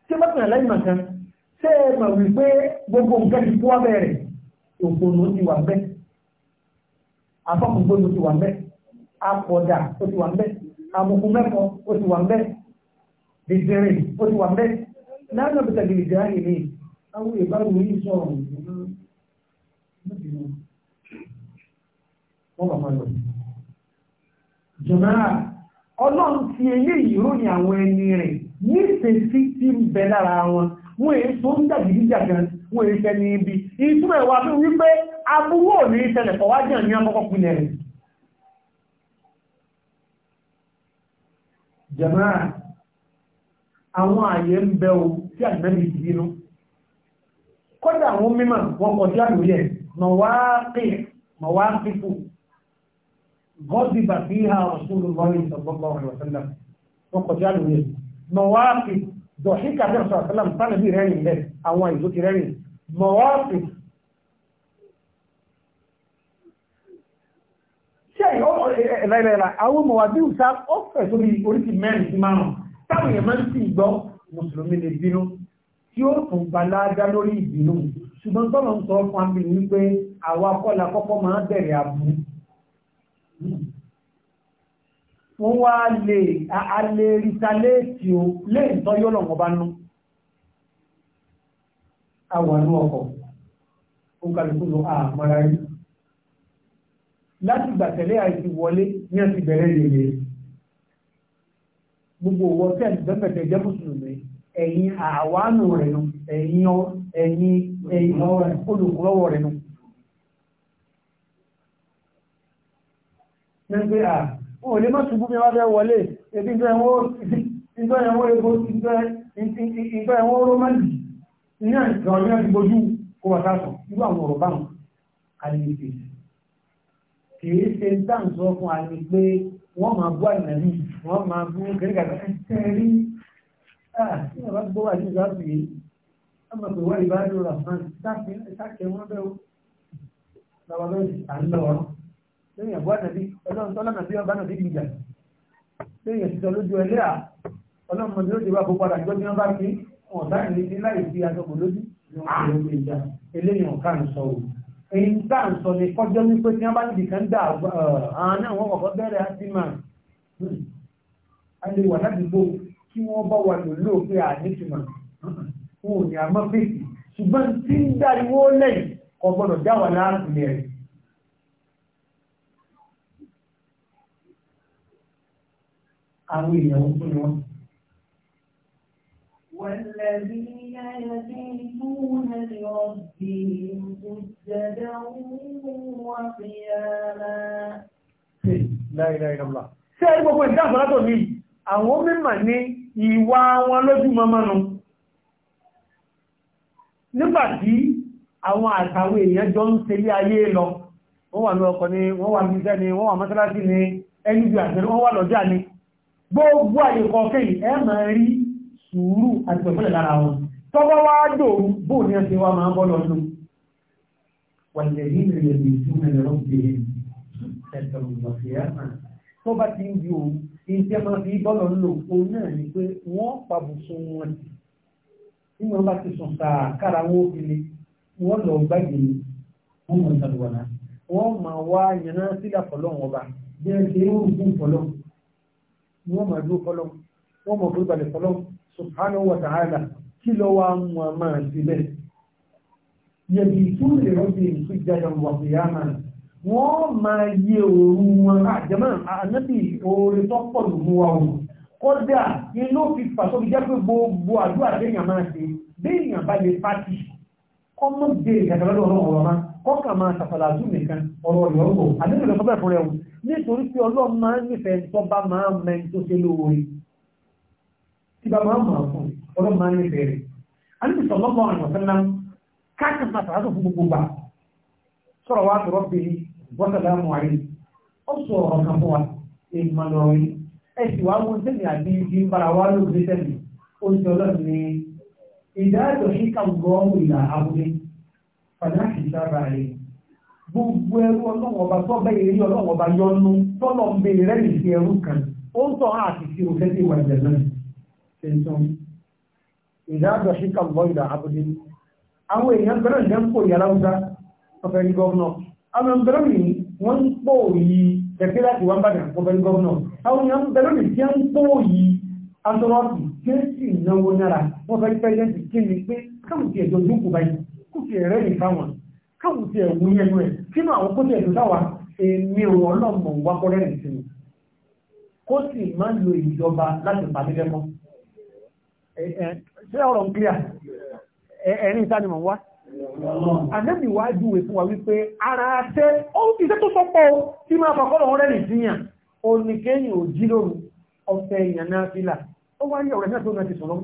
tí wọ́n tàn láì màkà ṣé ẹ mà wípé gbogbo nǹkan ti kú abẹ́rẹ̀ ògbónú ti wà bẹ́ẹ̀ afọ́kùngbónú ti wà bẹ́ẹ̀ apọ̀dà ó ti wà bẹ́ẹ̀ amukú mẹ́kọ̀ọ́ ó ti wà bẹ́ẹ̀ dìdìrì ó ti wà bẹ́ẹ̀ náà lọ́bi tàbí ìdíra ìlú àwọn ìbáwò yìí sọ̀rọ̀ wọ́n bá máa lọ. jùmọ́ ọlọ́run ti eléyìí ròyìn àwọn ẹni rẹ̀ nífẹ̀ẹ́sí tí ń bẹ lára wọn wọ́n èyí tó ń dàbí jíjà gan wọ́n èyí tẹ́ ní ibi ìtumọ̀ ẹ̀wà fún wípé aburú ò ní ìṣẹ̀lẹ̀ fọwájẹ̀ ní akọ́kọ́ pinẹ̀ rẹ̀ jẹ̀máà àwọn àyè ń bẹ o tí àgbẹ̀bí ti bínú kọ́dà àwọn mímọ̀ wọn kọjá lóyẹ̀ mọ̀wáàpì mọ̀wáàpì fún غضب فيها رسول الله صلى الله عليه وسلم وقد جعلوا يسمع مواقف ضحك في رسول الله صلى الله عليه وسلم طال بي رين له مواقف شيء لا لا لا او مواضيع صار اوفر سوري اوريك مين سمانو táwọn èèyàn máa مسلمين sì gbọ́ mùsùlùmí lè bínú tí ó tún balága lórí ìbínú ṣùgbọ́n tọ́lọ̀ ń sọ fún abìnrin wípé àwa kọ́ la kọ́kọ́ máa bẹ̀rẹ̀ àbúrú wọ́n wá lè alè rìtàlẹ́ẹ̀tì o lè tọ́ yóò lọ́wọ́ bá nú àwọ̀nú ọkọ̀ ó kàlùkù lọ àmọ́ra rí láti gbàtẹ̀lẹ́ àìsí wọlé ní ọ̀sì bẹ̀rẹ̀ lèrè gbogbo owó tẹ́ ìgbẹ́pẹ̀tẹ̀ jẹ́ mùsùlùmí ẹ̀yìn àwánù rẹ̀ nù ẹ̀yìn olùkúlọ́wọ́ rẹ̀ nù pé à wọn ò lè má ṣubú bí wọ́n fẹ́ wọlé ebi ìjọ ẹ̀wọ̀n epo ìjọ ẹ̀wọ̀n romani ní àìsàn ní àti bojú kó wà sáàtọ̀ irú àwọn ọ̀rọ̀ báwọn alìlèpè kìí ṣe ń dá ǹsọ fún àní pé wọ́n máa bú àìnàní wọ́n máa bú kẹ́ríkàtà ẹ̀rí ah ní ọ̀rọ̀ gbọ́ wà ní ìgbàgbé ọmọ pé wọ́n ìbáraẹ̀lú rafman sáàkẹ́ wọ́n bẹ́ẹ̀ lọ́wọ́ bẹ́ẹ̀ à ń lọ́wọ́ lẹ́yìn ẹ̀bọ́ àtàbí ọlọ́run tó lọ́nà bí ọba náà débi ìjà lẹ́yìn ẹ̀sìn tó lójú ẹlẹ́à ọlọ́run mọ̀jú ló ti wá gbogbo àjọ ní ọba kí wọn bá ní ní láì fi aṣọkò lójú ah! eléyìí ọ̀ká ń sọ òun èyí tá à ń sọ ní kọjọ́ ní pé tí wọ́n bá níbi kan dà àwọn náà wọ́n kọ̀kọ́ bẹ̀rẹ̀ àti máa a lè wà ládùúgbò kí wọ́n bá wà lòlò pé àníṣùmọ̀ wọn ò ní àmọ́ fèsì ṣùgbọ́n tí ń dáriwó lẹ́yìn kò gbọ́dọ̀ dá wà láàrin rẹ̀ àwọn èèyàn ń fún wọn. والذين يبيتون gbogbo ìdáhùn látọ̀ ní àwọn mímọ̀ ní ìwà wọn lójú mọ́mọ́nu nígbàtí àwọn àtàwò èèyàn jọ ń ṣe ayé lọ wọ́n wà ní ọkọ̀ ni wọ́n wà ní iṣẹ́ ni wọ́n wà mọ́sálásí ni ẹni bí àṣẹ wọ́n wà lọ́jà ni gbogbo àyíkọ̀ọ́kẹ́ yìí ẹ máa rí sùúrù àti pẹ̀pẹ̀lẹ̀ lára wọn tọ́wọ́ wá dòun bó ní ẹsẹ̀ wa máa bọ́ lọ́nà wàlẹ̀rí rẹ̀ lè tún ẹ̀rọ bèèrè ẹ̀tọ̀ ìgbọ̀fẹ́ àmà tó bá ti ń di òun iṣẹ́ máa fi bọ́lọ̀ ń lò òun náà ni pé wọ́n pàbùsùn wọn jù tí wọ́n bá ti sùn sáà kára wọn obìnrin wọ́n lọ gbàgbé wọn mọ̀ ìtàlùwàlá wọ́n máa wá yànnà sílẹ̀ fọlọ́wọn ọba bí ẹ ṣe ń rúkú fọlọ́wọn ni wọ́n máa dúró fọlọ́m wọ́n máa forí balẹ̀ fọlọ́m subhanahu wa ta'ala kí ló wá mú a máa ṣe bẹ́ẹ̀. yẹ̀bi tún lè rọ́bì nǹkan ìjáyà wà pé á máa wọ́n máa yẹ òru wọn àjẹmọ́ ah, ànábì oore tó pọ̀ lù mú wa o kódà inú fi pàṣọ jẹ́ pé gbogbo àdúrà déèyàn máa ṣe déèyàn bá lè pàtì ọmọ bèèrè kàkàlọ́dọ̀ ọlọ́run ọ̀rọ̀ máa kọ́kà máa tàfàlàjú nìkan ọ̀rọ̀ ìyọ́gbò àdínlẹ̀ tó bẹ̀rẹ̀ fún rẹ̀ nítorí pé ọlọ́run máa ń nífẹ̀ẹ́ tó bá máa ń mẹ́ tó ṣe lóore tí bá máa ń mọ̀ fún ọlọ́run máa ń nífẹ̀ẹ́ rẹ̀ àdínlẹ̀ tó lọ́gbọ̀n àwọn ọ̀sán náà káàkiri máa tàfàlàjú fún gbogbo gbà sọ̀rọ̀ wa tọ̀rọ̀ pé wọ́sàdá muhari ó sọ ọ̀rọ̀ kan fún wa èèmọ̀ lọ́rọ̀ yìí ẹ sì wá wọn sẹ́mi àti ibi ń bára wa lóògbé sẹ́mi ó ń sọ ọlọ́run ìlà abúlé fàdáàkì sábà rẹ̀ gbogbo ẹrú ọlọ́wọ́ ọba tó bẹ́ẹ̀ rí ọlọ́wọ́ ọba yọnu tọ́lọ̀ ń bèèrè rẹ̀ sí ẹrú kan ó ń tọ́ àti fi òfẹ́ sí ìwà ìjẹ̀ náà ṣe tán ìdájọ́ ṣíkà lọ ìdá abúlé àwọn èèyàn bẹ̀rẹ̀ ìjẹ́ ń pò yàrá ọ̀dá ọ̀fẹ́ ní gọ́ọ̀nà àwọn bẹ̀rẹ̀ mi wọ́n ń pò yí kẹ̀kẹ́ láti wá bàdàn ọ̀fẹ́ ní gọ́ọ̀nà àwọn èèyàn bẹ̀rẹ̀ mi tí ń pò yí antọ́rọ́pì tí ń sì náwó nára wọ́n fẹ́ pẹ́ẹ́jẹ́ sí kí ni pé káwọn ti ẹ̀jọ́ dúkù báyìí ti ẹ̀rẹ́ yìí fáwọn káwọn ti ẹ̀wù yẹnu ẹ̀ sínú àwọn kó ti ẹ̀dùn sáwà èmi ò ọlọ́mọ wa kọ́ rẹ̀ sí mi kó sì máa ń lo ìjọba láti pàdé lẹ́mọ́ ṣé ọ̀rọ̀ ń clear ẹ̀rín ìta ni mò ń wá àdẹ́bì wá júwe fún wa wípé ara tẹ́ ó ń fiṣẹ́ tó sọpọ̀ tí máa fàkọ́ lọ́wọ́ rẹ̀ nìsíyàn ó ní kéyìn ò jí lóru ọ̀fẹ́ èèyàn náà fílà ó wá ní ọ̀rẹ́ náà tó náà ti sọ̀rọ̀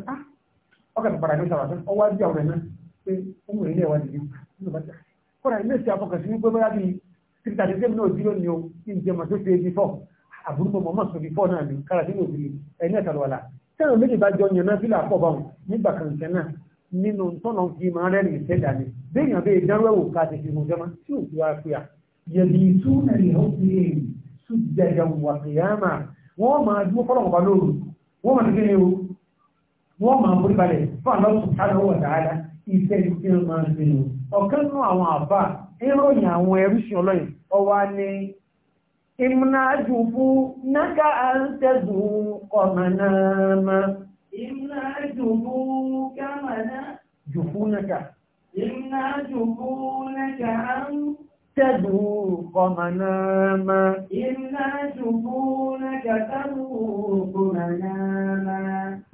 ọkà ah! tó padà ní sàrà ó wá jí ọ̀rẹ́ náà pé ọmọ ilé ẹ̀wà dìde kọ́ra ilé ìsìn afọkànsí wípé bóyá bíi tìrìtà dìde náà dúró ni o ní ìjẹmọ tó ṣe bí fọ àbúrúmọ mọ mọsán bí fọ náà ni kára sí ní òbí ẹni ẹ̀ka lọ́la tẹ́lẹ̀ méjì bá jọ yànnà fílà pọ̀ báwọn nígbà kàǹkẹ́ náà nínú tọ́nà fi máa rẹ́ nìyí sẹ́dá ni béèyàn bẹ́ẹ̀ dánwẹ́ wò ká ti fi mú jẹ́mọ́ tí ò ti wá pé à. yẹ̀bi ìtúnà ìyàwó ti rè sùjẹ̀yà wà kìyàmà wọ́n máa dúró fọ́lọ́mọ̀ bá lóru wọ́n máa ní kí ni o wọ́n máa forí balẹ̀ fún àlọ́ sùn ká lọ́wọ́ dáadáa ìfẹ́ ìfẹ́ máa ń sinú ọ̀kan nú àwọn àbá ìròyìn àwọn ẹrúṣin ọlọ́yìn ọwá ní ìmúnájúbú nága àńtẹ́dù kọmọ̀nàmà ìmúnájúbú kámọ̀nà jùfú nága ìmúnájúbú nága àńtẹ́dù kọmọ̀nàmà ìmúnájúbú nága àńtẹ́dù kọmọ̀nàmà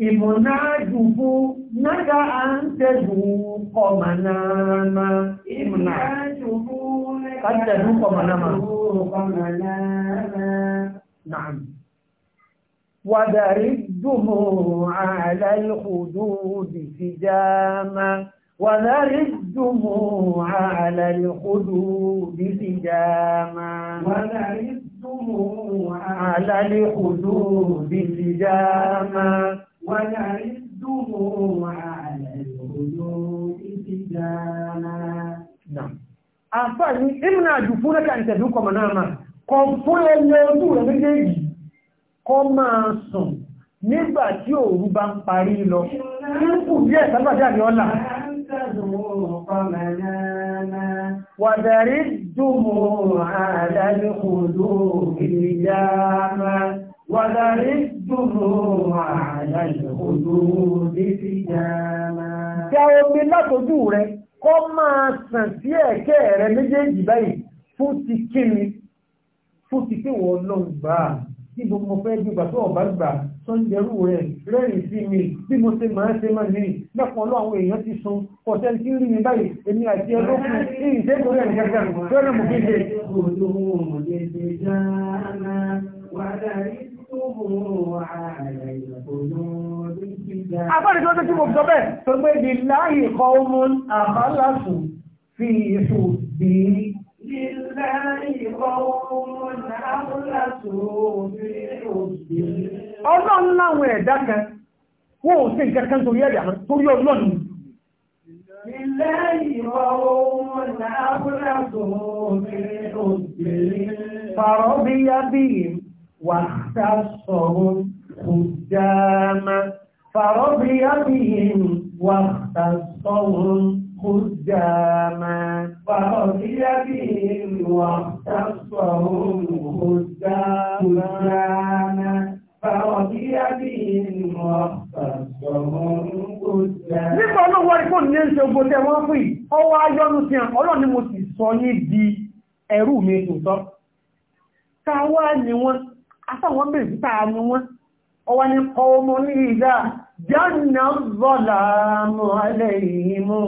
إمناجه نجا أن تذوق مناما إمناجه قد تذوق مناما نعم وذرده على الخدود سجاما وذرده على الخدود سجاما وذرده على الخدود سجاما ونعدهم على الهدوء سجانا نعم àǹfààní ìmìnà àjùfúnlẹ́kà ìtẹ̀dúkọ̀ manáàmà kọ fún ẹyẹ ojú rẹ̀ méjèèjì kọ máa sùn nígbà tí òru bá ń parí lọ kíkù bí ẹ̀ sábàjá ní ọlá wàdàrí dùnmù àdàrí Ìjà omi látojú rẹ̀ kọ́ máa sàn sí ẹ̀kẹ́ rẹ̀ méjèèjì báyìí fún ti kíni, fún ti kí wọ́n lọ gbà á. Tí mo mọ fẹ́ gbígbà tó ọ̀bá gbà tó rẹ̀ rẹ́rìn sí mi bí mo sun pọ̀tẹ́ tí rí mi báyìí èmi àti ẹlọ́kùn ní ìṣẹ́kọ̀ọ́ rẹ̀ gẹ́gẹ́ Àbárí tó tó tí mo sọ bẹ́ẹ̀ tó gbé di láyé kọ ọmọ àbálàsù fi ìṣù bí i. Ọlọ́run láwọn ẹ̀dá kan, wọ́n ò sí nǹkan kan torí ẹ̀dà mọ́, torí ọlọ́run. Ilé ìwọ̀ ohun làbúrà tó mú mi ò gbèrè. Fàrọ̀ bí yá bí واختصهم خداما فرضي بهم واختصهم خداما فرضي بهم واختصهم خداما فرضي بهم واختصهم خداما nípa olówó ikú ní ṣe ogun tẹ wọ́n fún yìí ọwọ́ ayọ́nu sí àn ọlọ́ni mo sì sọ yín di ẹrú mi tòótọ́ káwá ni wọ́n asáwọn bèbí táà ní wọ́n ọwọ́ ní kọwọ́mọ́ ní ìdá jẹ́nà zọ́là mọ́ alẹ́ yìí mú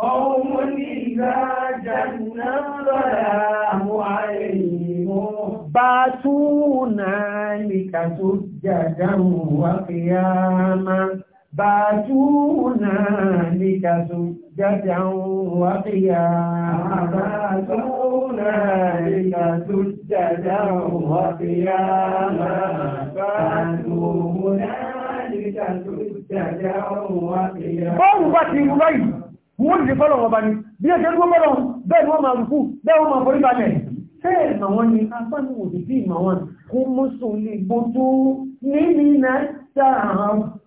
kọwọ́mọ́ ní ìdá jẹ́nà zọ́là mọ́ alẹ́ yìí mú bá túnà lè kàtó Bàtúnà ní kàtó jáde àwọn wákìyà. Bàtúnà ní kàtó jáde àwọn wákìyà. Bàtúnà ní kàtó jáde àwọn wákìyà. Bọ́ọ̀lù bá ti rú báyìí, wọ́n lè fọ́lọ̀ ọba ni, bí ẹjẹ́ tó mọ́rọ̀ bẹ́ẹ̀ wọ́n máa rùkú, bẹ́ẹ̀ wọ́n máa forí balẹ̀. Bẹ́ẹ̀ mà wọ́n ni, apá ni òdìdí kó mọ́sùn lè gbójú nílì náà sáà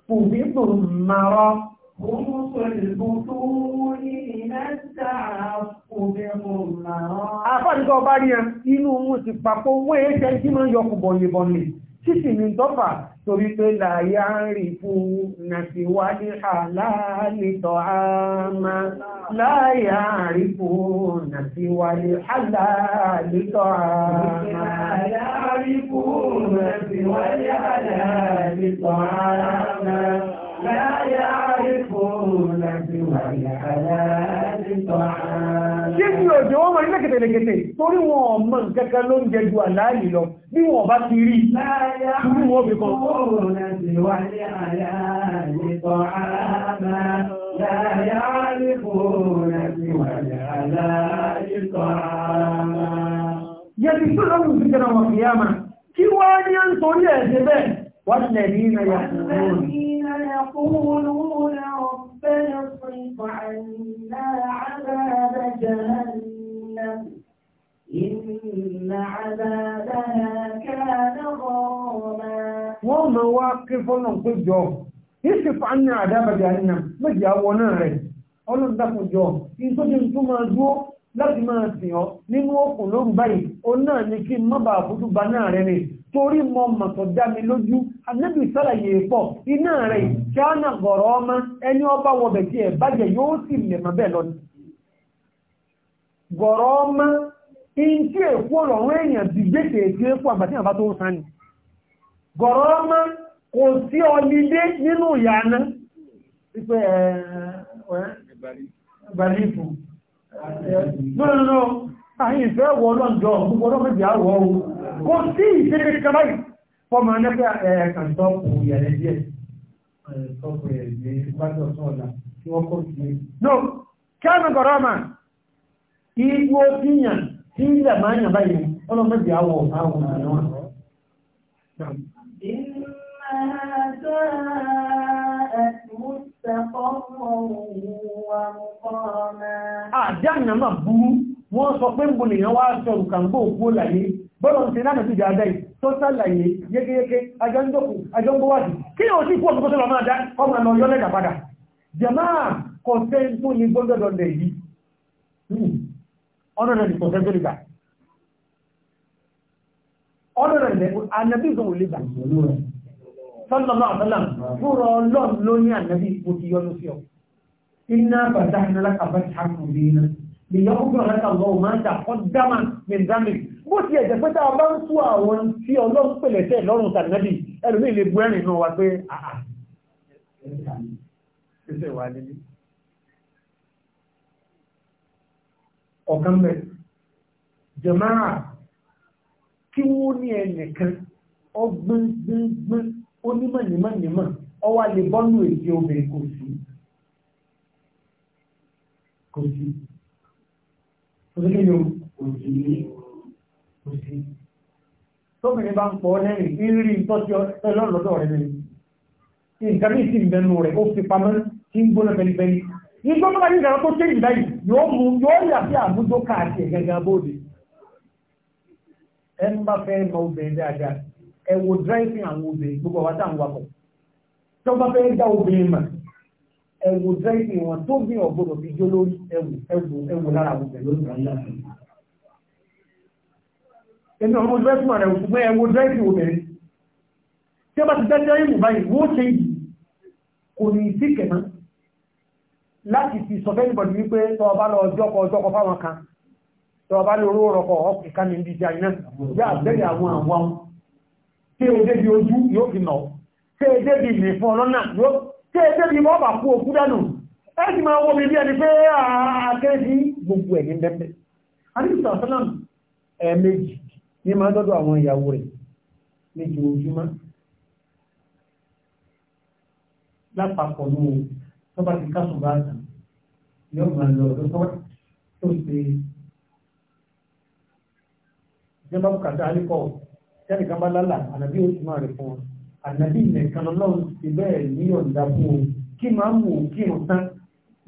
قبض المرض خمس البطون إلى التعفف بالمرض. àfọ́nìkan bá rí ẹ inú wọn ti papọ̀ wọ́n èé ṣe tí máa ń yọkùn bọ̀yìnbọ̀n nìyí títì ní tọ́fà torí pé láyá ń rí fún nàti wá ní àláàlítọ̀ àmà láyá ń rí fún nàti wá ní àláàlítọ̀ àmà láyá ń rí fún nàti wá ní àláàlítọ̀ àmà لا ṣé ní òjò wọ́n máa ní lẹ́kẹ̀tẹ̀lẹ́kẹ̀tẹ̀ torí wọn ọmọ ìkẹ́kẹ́ ló ń jẹjú àláàlì lọ bí wọn bá ti rí ṣúrú wọn fi kan. yẹ̀bí tó lọ́wọ́ ìfìkẹ́ náà fìyàmà kí wọ́n ní à ń torí ẹ̀ والذين يقولون ربنا اصرف عنا عذاب جهنم إن عذابها كان غراما ومواقف نقجه يصرف عنا عذاب جهنم ما جاء ونرى ọlọ́dàkùnjọ́ ìtọ́jú tó máa dúó láti máa sìn ọ́ nínú òkun lóru báyìí ó náà ní kí n má bàa fojú ba náà rẹ ni torí mọ mọ̀tọ̀ dá mi lójú anábì sálàyé pọ̀ iná rẹ̀ kí á nà gọ̀rọ̀ ọmọ ẹni ọba wọbẹ̀ tí ẹ̀ bàjẹ́ yóò sì lè mọ̀ bẹ́ẹ̀ lọ ni. No, lọ́nà àyìn ìfẹ́ wọ lọ́njọ́ gbogbo ọdọ́ méjì àwọ̀ ohun kò sí ìṣẹ́lẹ̀ kíkà báyìí fọ́mọ ẹnẹ́fẹ́ ẹ̀ẹ́kàntọ́pù yẹ̀rẹ̀ díẹ̀ ẹ̀ẹ́kàntọ́pù yẹ̀rẹ̀ díẹ̀ gbájọ́ ọ̀tọ́ ọ̀la tí wọ́n kọ́ sí no kẹ́rin gọ̀rọ̀ mà igbó tíyàn tí ilẹ̀ máa yàn báyìí ọlọ́ méjì àwọ̀ àwọn àwọn àwọn Àjáàmì ah, náà burú, wọ́n sọ pé ń bò lè yán wá sọ òkàngbò òkú láyé, bọ́lọ̀ ti náà ti jà dáì tó sálàyé yékéyéké, ajọ́ndókù, ajọ́ngbówádì, kí o sí kú ọmọ tó lọ máa dá ọmọ lọ yọ́ lẹ́dà padà. Jẹmáà kò tẹ́ tó ní sallallahu alaihi wasallam fúnra ọlọ́run ló ní ànábì ipò ti yọ́nú sí ọ. iná bàtà ìnálákà bá ti hàkùn bí iná lè yọ kúkúrò láta lọ́wọ́ máa ń dà kọ́ dámà mẹ́ńdámì bó ti ẹ̀jẹ̀ pé tá a bá ń onímọ̀ nímọ̀ nímọ̀ ọwọ́ lè bọ́nù èdè obìnrin kò sí kò sí òṣèlú ni kò sí kò sí tóbìnrin bá ń pọ̀ lẹ́rìn rírí tọ́sí ọlọ́lọ́dọ̀ rẹ̀ lẹ́yìn nǹkan ní ìsìn ìbẹnu rẹ̀ ó fi pamọ́ tí ń gbóná bẹ́libẹ́li nígbà tó bá ní ìdára tó ṣe ìgbà yìí yóò mú yóò yà sí àmújó káàkiri gẹ́gẹ́ bóde ẹ ń bá fẹ́ mọ obìnrin dáadáa ẹ wo driving àwọn obìnrin gbogbo wa tá à ń wakọ̀ tó bá fẹ́ dá obìnrin mà ẹ wo driving wọn tó bí ọ̀gbọ́dọ̀ fi jó lórí ẹwù ẹwù ẹwù lára àwọn obìnrin lórí ìgbà yàtọ̀ ẹni ọmọ driving wọn ẹwù ṣùgbọ́n ẹ wo driving obìnrin tí ó bá ti dájọ́ ìmù báyìí wọ́n ṣe yìí kò ní sí kẹ̀mọ́ láti fi sọ fẹ́yìn bọ̀dù wípé tọ́ ọba lọ ọjọ́kọ̀ ọjọ́kọ̀ fáwọn kan tọ́ ọba lórí ọ̀rọ̀kọ̀ ọkùnkan ní ìdíjà iná yá àgbẹ̀rẹ̀ àwọn àwọn tí o débi ojú yóò fi nà tí o débi ìlèfún ọlọ́nà tí o débi mọ́bà kú okú dánù ẹ́sì máa wọ́n bí ẹni pé ààkẹ́ sí gbogbo ẹ̀ ní bẹ́ẹ̀ àdíkùsà sálàmù ẹ̀ẹ̀mejì ní máa dọ́dọ̀ àwọn ìyàwó rẹ̀ méjì ojúmọ́ lápapọ̀ ní tó bá ti kásùn bá tàn yóò máa lọ ọdún tó ṣe ìjọba bùkátà alẹ́kọ̀ọ́ tẹ́nìkan bá lálà ànàbí ó túmọ̀ rẹ̀ fún wọn ànàbí nìkan lọ́wọ́ ti bẹ́ẹ̀ ní ọ̀dà fún o kí máa mú o kí o tán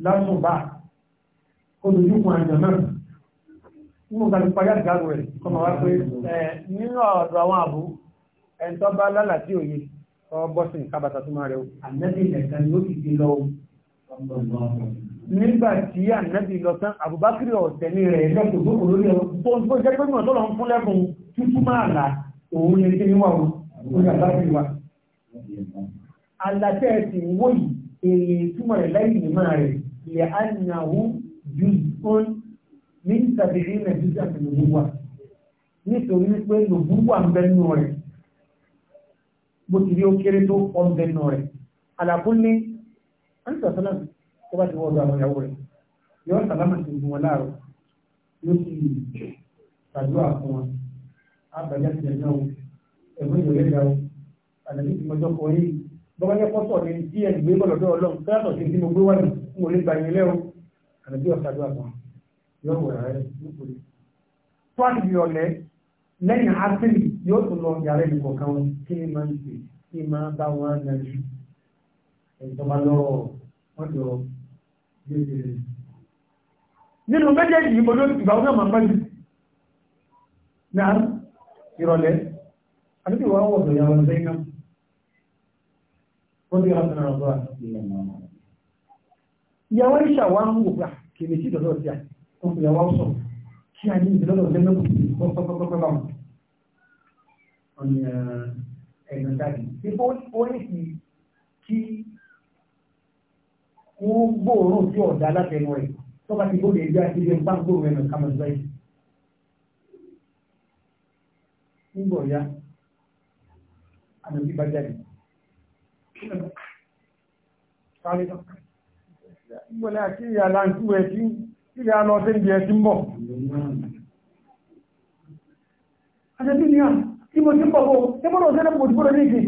lásùn bá olùdókòwò àjàn náà nínú ìgbàlù payá ìgbàlù rẹ̀ kọ́ máa wá pé ẹ nínú ọ̀dọ̀ àwọn àbú ẹni tó bá lálà tí òye ọ bọ́sìn kábàtà tó máa rẹ̀ o ànàbí nìkan ló ti fi lọ nígbà tí ànábì lọ tán àbúbákírì ọ̀tẹ̀ ní rẹ̀ lẹ́kùn lórí ẹ̀ tó jẹ́ pé mọ̀ tó lọ ń fún lẹ́kùn tútú máa là òun ní kí ní wà ó ní àbájú wa. àlàtẹ́ ẹ̀sìn wò yìí èrè túmọ̀ rẹ̀ lẹ́yìn ìmọ̀ rẹ̀ lè ànàwó ju ọ́n ní sàbẹ̀rẹ̀ nàìjíríà pẹ̀lú wa nítorí pé lòbú wà ń bẹ́nu rẹ̀ bó ti rí ó kéré tó ọ̀nbẹ̀ nù rẹ̀ àlàkúnlé àǹtà sálámù tó bá ti wọ́ọ̀dọ̀ àwọn ìyàwó rẹ̀ yọ sálámù ti gùn wọn láàárọ̀ yóò sì ṣàdúrà fún wọn àgbàjá ti dẹ̀nà o ẹ̀gbọ́n ìwé ẹ̀dá o àdàbí ti mọjọ́ kọ yìí bọ́bá yẹ pọ́tọ̀ ní tí ẹ̀ gbé bọ́lọ̀dọ́ ọlọ́run tó yàtọ̀ sí ti mo gbé wáyé n ò lè gba ìyẹn lẹ́wọ̀ àdàbí ọ̀sà àdúrà kan yóò wọ̀ rẹ̀ nípòlì. tó a di ọ̀lẹ́ lẹ́yìn asiri yóò tún lọ yàrá ìdìbò kan kí ni máa ń ṣe kí máa bá wọn nàjú ìjọba lọ́rọ̀ wọ́n jọ e nínú méjèèjì ìbọn ìgbà ọjọ́ màá pẹ́ ìrọ̀lẹ́ a wa wọ̀ ọ̀dọ̀ ìyàwó ẹgbẹ́ iná wọ́n bí ọ̀sán ọ̀rọ̀ bá ìyàwó ìṣà wa ń wò gbà ah, kì í sí ìdọ̀dọ̀ sí à ó fi ìyàwó sọ kí a ní ìdílọ́dọ̀ ọ̀dẹ́ mẹ́kùn pọ́pọ́pọ́pọ́ bá wọn. ọ̀nà ẹ̀nà dáàbì tí ó ní kí kí wọ́n gbòòrò tí ọ̀dà látẹnu rẹ̀ tó bá ti gbòòrò ẹgbẹ́ àti ilé ń bá gbòòrò ẹ̀nà kàmọ́ nígbà ya, ànàbí bá jáde sáré tán nígbà ọ̀yá kí ìyá láńkú ẹ̀ tí ilé alọ́ sí ibi ẹ̀ tí ń bọ̀ ànàbí ni à kí mo ti ń bọ̀ bọ̀ ṣé lọ sí ẹ̀dẹ́gbọ̀n tí mo lọ ní ìgbìn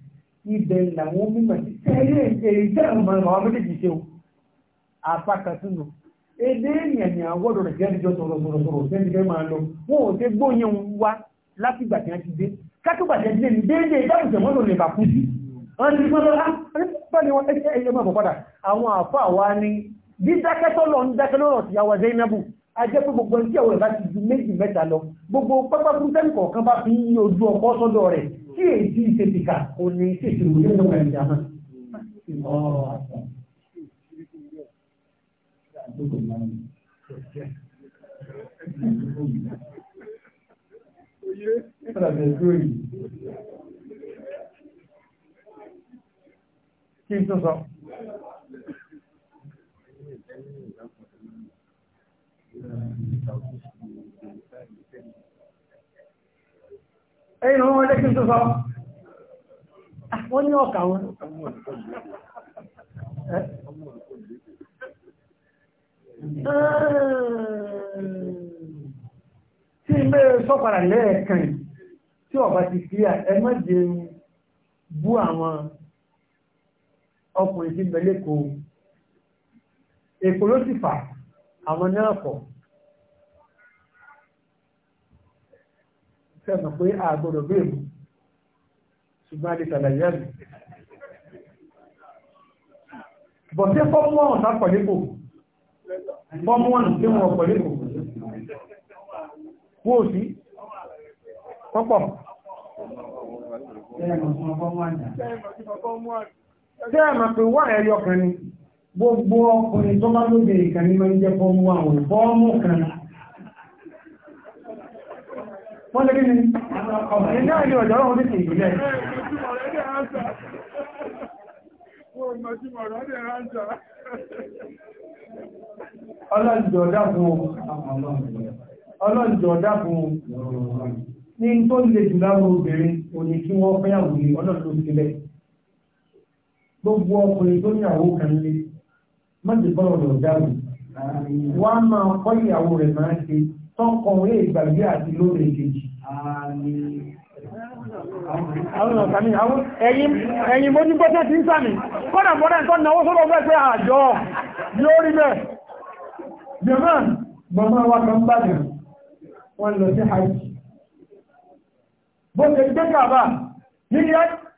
ibẹ̀ làwọn mímọ̀ sí tẹ́lẹ̀ èyí tẹ́ àwọn ọmọ méjèèjì ṣe o apá kan tún lò èdè ènìyàn ni àwọn ọ̀dọ̀ rẹ̀ jẹ́ ìjọ sọ̀rọ̀ sọ̀rọ̀ sọ̀rọ̀ sẹ́ni fẹ́ máa lọ wọn ò ṣe gbóyè ń wá láti ìgbà tí wọ́n ti dé kákìgbà tí wọ́n ti dé ní déédé ìdáhùn ìjọ̀mọ́ ló lè bà kú sí. wọ́n ti gbọ́dọ̀ á pẹ́ni wọn ẹ̀ṣẹ́ ẹ̀yẹ máa bọ̀ padà àwọn àfa wa ni dídákẹ́tọ́ lọ ń dákẹ́ ajẹ́ pé gbogbo ẹni tí ọ̀wọ̀ ẹ̀ bá ti ju méjì mẹ́ta lọ gbogbo pápá fún sẹ́ni kọ̀ọ̀kan bá fi yí ojú ọkọ̀ sọ́dọ̀ rẹ̀ tí èyí ti ṣe tìkà kò ní ṣèṣirò nínú ẹ̀ ìjàmá. Kí n tó sọ? ẹ̀yìn wọn lẹ́kí tó sọ ah, wọ́n ní ọ̀kà wọn ah. tí ilé sọ́pàá lẹ́ẹ̀kan tí ọ̀bá ti fi ẹmọ́jẹ bú àwọn ọkùnrin sí mẹ́lẹ́kọ̀ọ́ èkó ló ti fà àwọn náà kọ̀ọ́ sẹ́sàn pé àgbọ̀dọ̀ bẹ́ẹ̀ mú ṣùgbọ́n àti ṣàlàyé ẹ̀mí. bọ̀tẹ́ fọ́mú ọ̀hún sá pọ̀lẹ́pọ̀ fọ́mú ọ̀hún tí wọ́n pọ̀lẹ́pọ̀ wó sí pọ́pọ̀. Tẹ́ ẹ̀mà pé wà ẹ̀yọ kan ni gbogbo ọkùnrin tó bá lóde ìkànnì máa ń jẹ́ fọ́mú àwọn ìfọ́mú kan wọ́n lè rí ni iná ilé ọ̀jọ́ ọ̀hún ní ìgbìlẹ̀ ọlọ́njọ́ dákun ọlọ́njọ́ dákun ní tó lè jù láwọn obìnrin òní kí wọ́n fẹ́ àwòrán ọlọ́njọ́ sílẹ̀ gbogbo ọkùnrin tó ní àwọ̀ kan lé mọ́jì bọ́ọ̀lù ọ̀dáwù wọ́n á máa kọ́ ìyàwó rẹ̀ máa ṣe tọ́kọ̀wé ìgbàgbé àti lórí ìkejì. Àwọn ọ̀sán ni àwọn ẹ̀yìn mo ní bọ́tẹ́ ti ń sàmì, kọ́nà bọ́dá ń tọ́nà owó sọ́rọ̀ fẹ́ àjọ lórí bẹ́ẹ̀. Jẹ́mọ́, bàbá wa kan bàjẹ̀, wọ́n lọ sí Hajj. Bó ṣe gbé